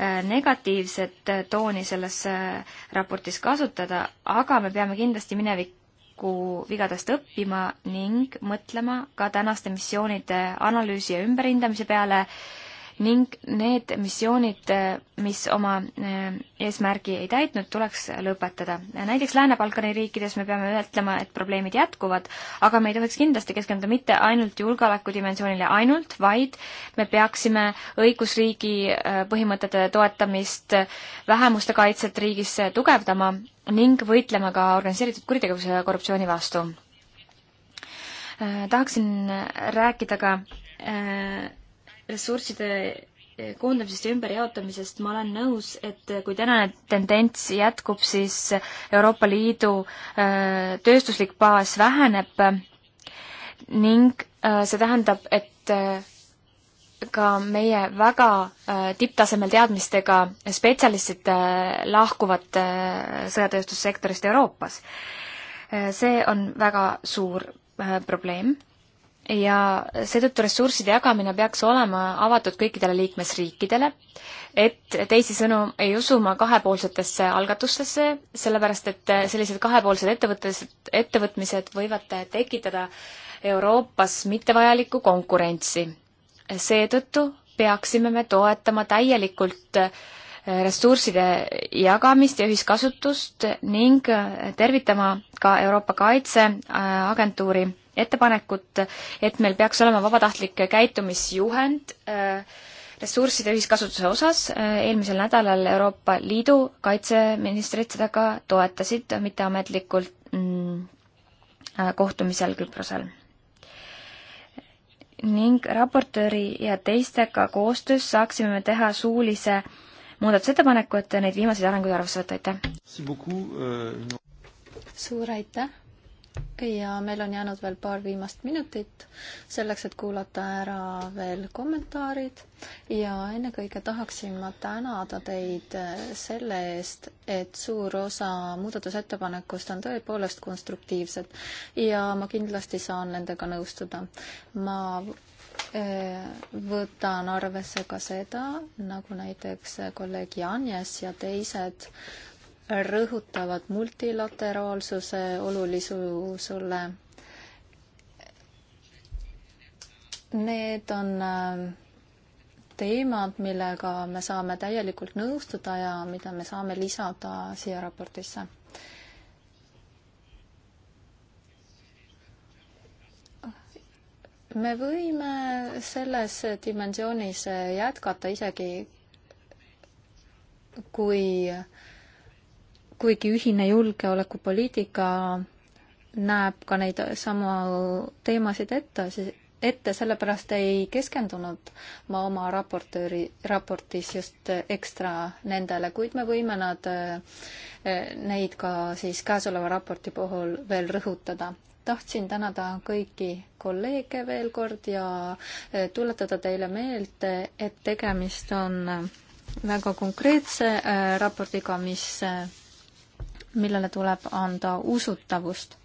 C: äh, negatiivset tooni selles äh, raportis kasutada, aga me peame kindlasti minevik mineviku vigadest õppima ning mõtlema ka tänaste missioonide analüüsi ja ümberhindamise peale ning need missioonid, mis oma äh, eesmärgi ei täitnud, tuleks lõpetada. näiteks Lääne-Balkani riikides me peame ütlema, et probleemid jätkuvad, aga me ei tohiks kindlasti keskenduda mitte ainult julgeolekudimensioonile ainult, vaid me peaksime õigusriigi äh, põhimõtete toetamist, äh, vähemuste kaitset riigis tugevdama ning võitlema ka organiseeritud kuritegevuse ja korruptsiooni vastu. Äh, tahaksin rääkida ka äh, ressursside äh, koondamisest ja ümberjaotamisest ma olen nõus, et kui tänane tendents jätkub, siis Euroopa Liidu tööstuslik baas väheneb ning see tähendab, et ka meie väga äh, tipptasemel teadmistega spetsialistid äh, lahkuvad äh, sõjatööstussektorist Euroopas. see on väga suur probleem ja seetõttu ressursside jagamine peaks olema avatud kõikidele liikmesriikidele, et teisisõnu ei usu ma kahepoolsetesse algatustesse, sellepärast et sellised kahepoolsed ettevõtted, ettevõtmised võivad tekitada Euroopas mittevajalikku konkurentsi seetõttu peaksime me toetama täielikult äh, ressursside jagamist ja ühiskasutust ning äh, tervitama ka Euroopa Kaitseagentuuri äh, ettepanekut, et meil peaks olema vabatahtlik käitumisjuhend ressursside ühiskasutuse osas. eelmisel nädalal Euroopa Liidu kaitseministrid seda ka toetasid mitteametlikult mm, kohtumisel Küprosel ning raportööri ja teistega koostöös saaksime me teha suulise muudatusettepaneku, et neid viimaseid arenguid arvesse võtta, aitäh!
B: Euh,
A: suur aitäh! ja meil on jäänud veel paar viimast minutit selleks, et kuulata ära veel kommentaarid ja ennekõike tahaksin ma tänada teid selle eest, et suur osa muudatusettepanekust on tõepoolest konstruktiivsed ja ma kindlasti saan nendega nõustuda. ma eh, võtan arvesse ka seda, nagu näiteks kolleeg Janjes ja teised rõhutavad multilateraalsuse olulisusele. Need on äh, teemad, millega me saame täielikult nõustuda ja mida me saame lisada siia raportisse. me võime selles dimensioonis jätkata isegi, kui äh, kuigi ühine julgeolekupoliitika näeb ka neid samu teemasid ette, ette, sellepärast ei keskendunud ma oma raportööri, raportis just ekstra nendele, kuid me võime nad, eh, neid ka siis käesoleva raporti puhul veel rõhutada. tahtsin tänada kõiki kolleege veel kord ja eh, tuletada teile meelde, et tegemist on eh, väga konkreetse raportiga, mis millele tuleb anda usutavust.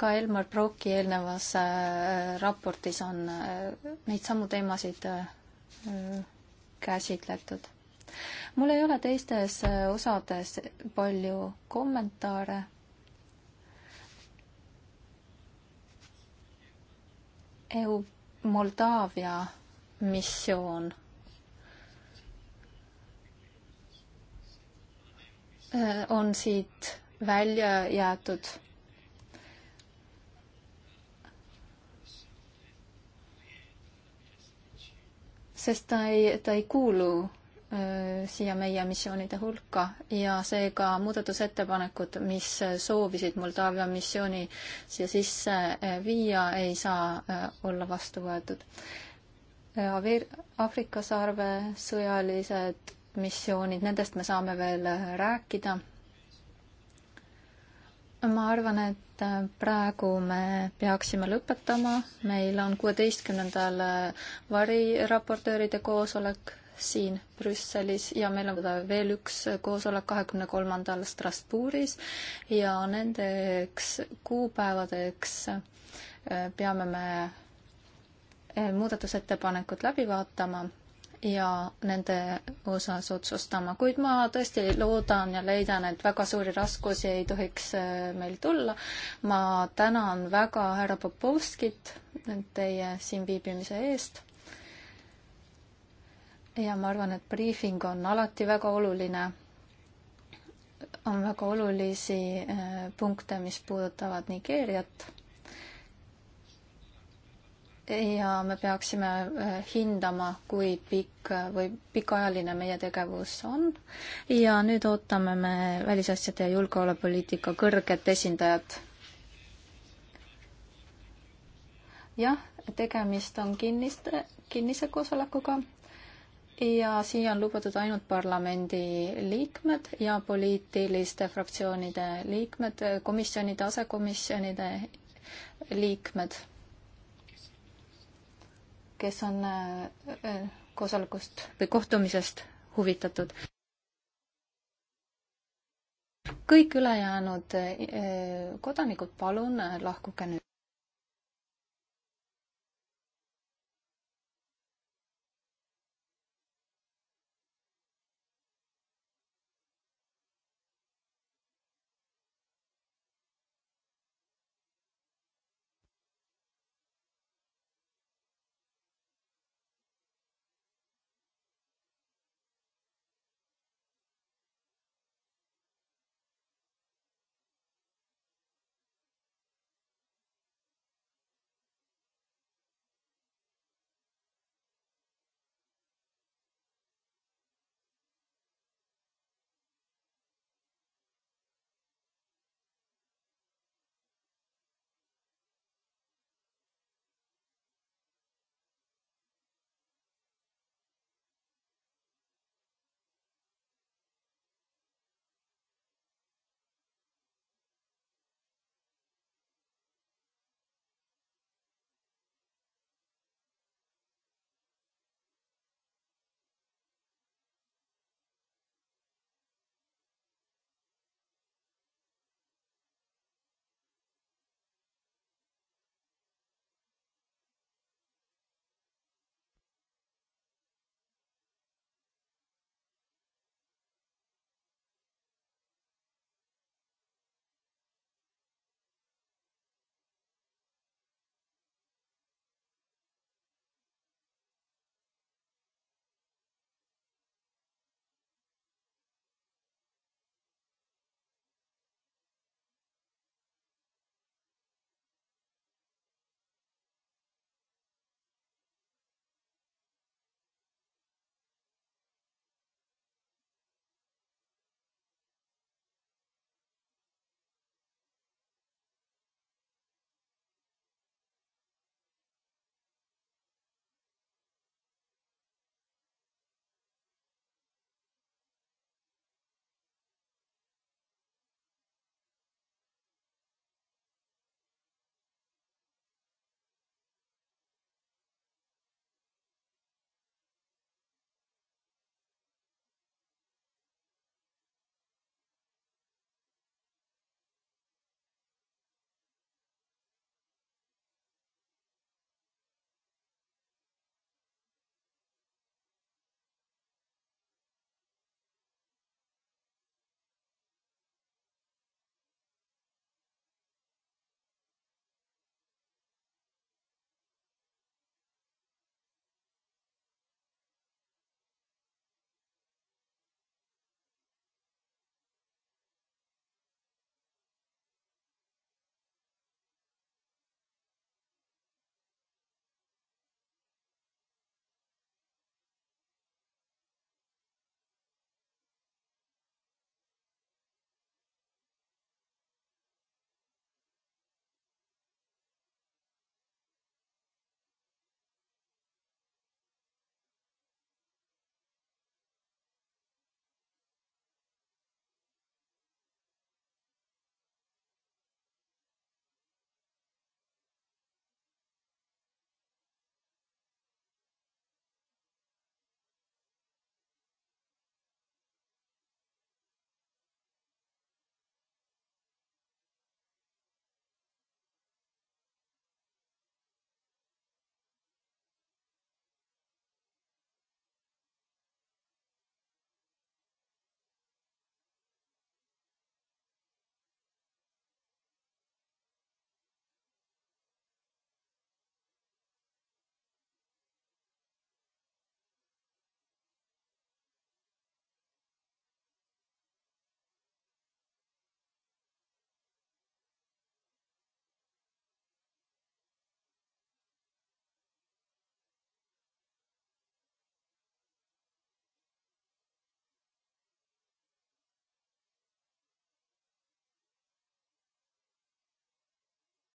A: ka Elmar Brocki eelnevas äh, raportis on äh, neid samu teemasid äh, käsitletud. mul ei ole teistes osades palju kommentaare EU Moldaavia missioon Äh, on siit välja jäetud. sest ta ei, ta ei kuulu äh, siia meie missioonide hulka ja seega muudatusettepanekud, mis soovisid Moldaavia missiooni siia sisse äh, viia, ei saa olla vastu võetud. Aafrika sarve sõjalised missioonid, nendest me saame veel rääkida. ma arvan, et praegu me peaksime lõpetama, meil on kuueteistkümnendal variraportööride koosolek siin Brüsselis ja meil on veel üks koosolek kahekümne kolmandal Strasbourgis ja nendeks kuupäevadeks eh, peame me eh, muudatusettepanekud läbi vaatama ja nende osas otsustama, kuid ma tõesti loodan ja leidan, et väga suuri raskusi ei tohiks äh, meil tulla. ma tänan väga härra Popovskit teie siin viibimise eest. ja ma arvan, et briifing on alati väga oluline. on väga olulisi äh, punkte, mis puudutavad Nigeeriat ja me peaksime äh, hindama, kui pikk äh, või pikaajaline meie tegevus on. ja nüüd ootame me välisasjade ja julgeolepoliitika kõrget esindajat. jah, tegemist on kinniste, kinnise koosolekuga ja siia on lubatud ainult parlamendi liikmed ja poliitiliste fraktsioonide liikmed, komisjonide, asekomisjonide liikmed kes on äh, äh, koosolekust või kohtumisest huvitatud. kõik ülejäänud äh, kodanikud, palun lahkuge nüüd.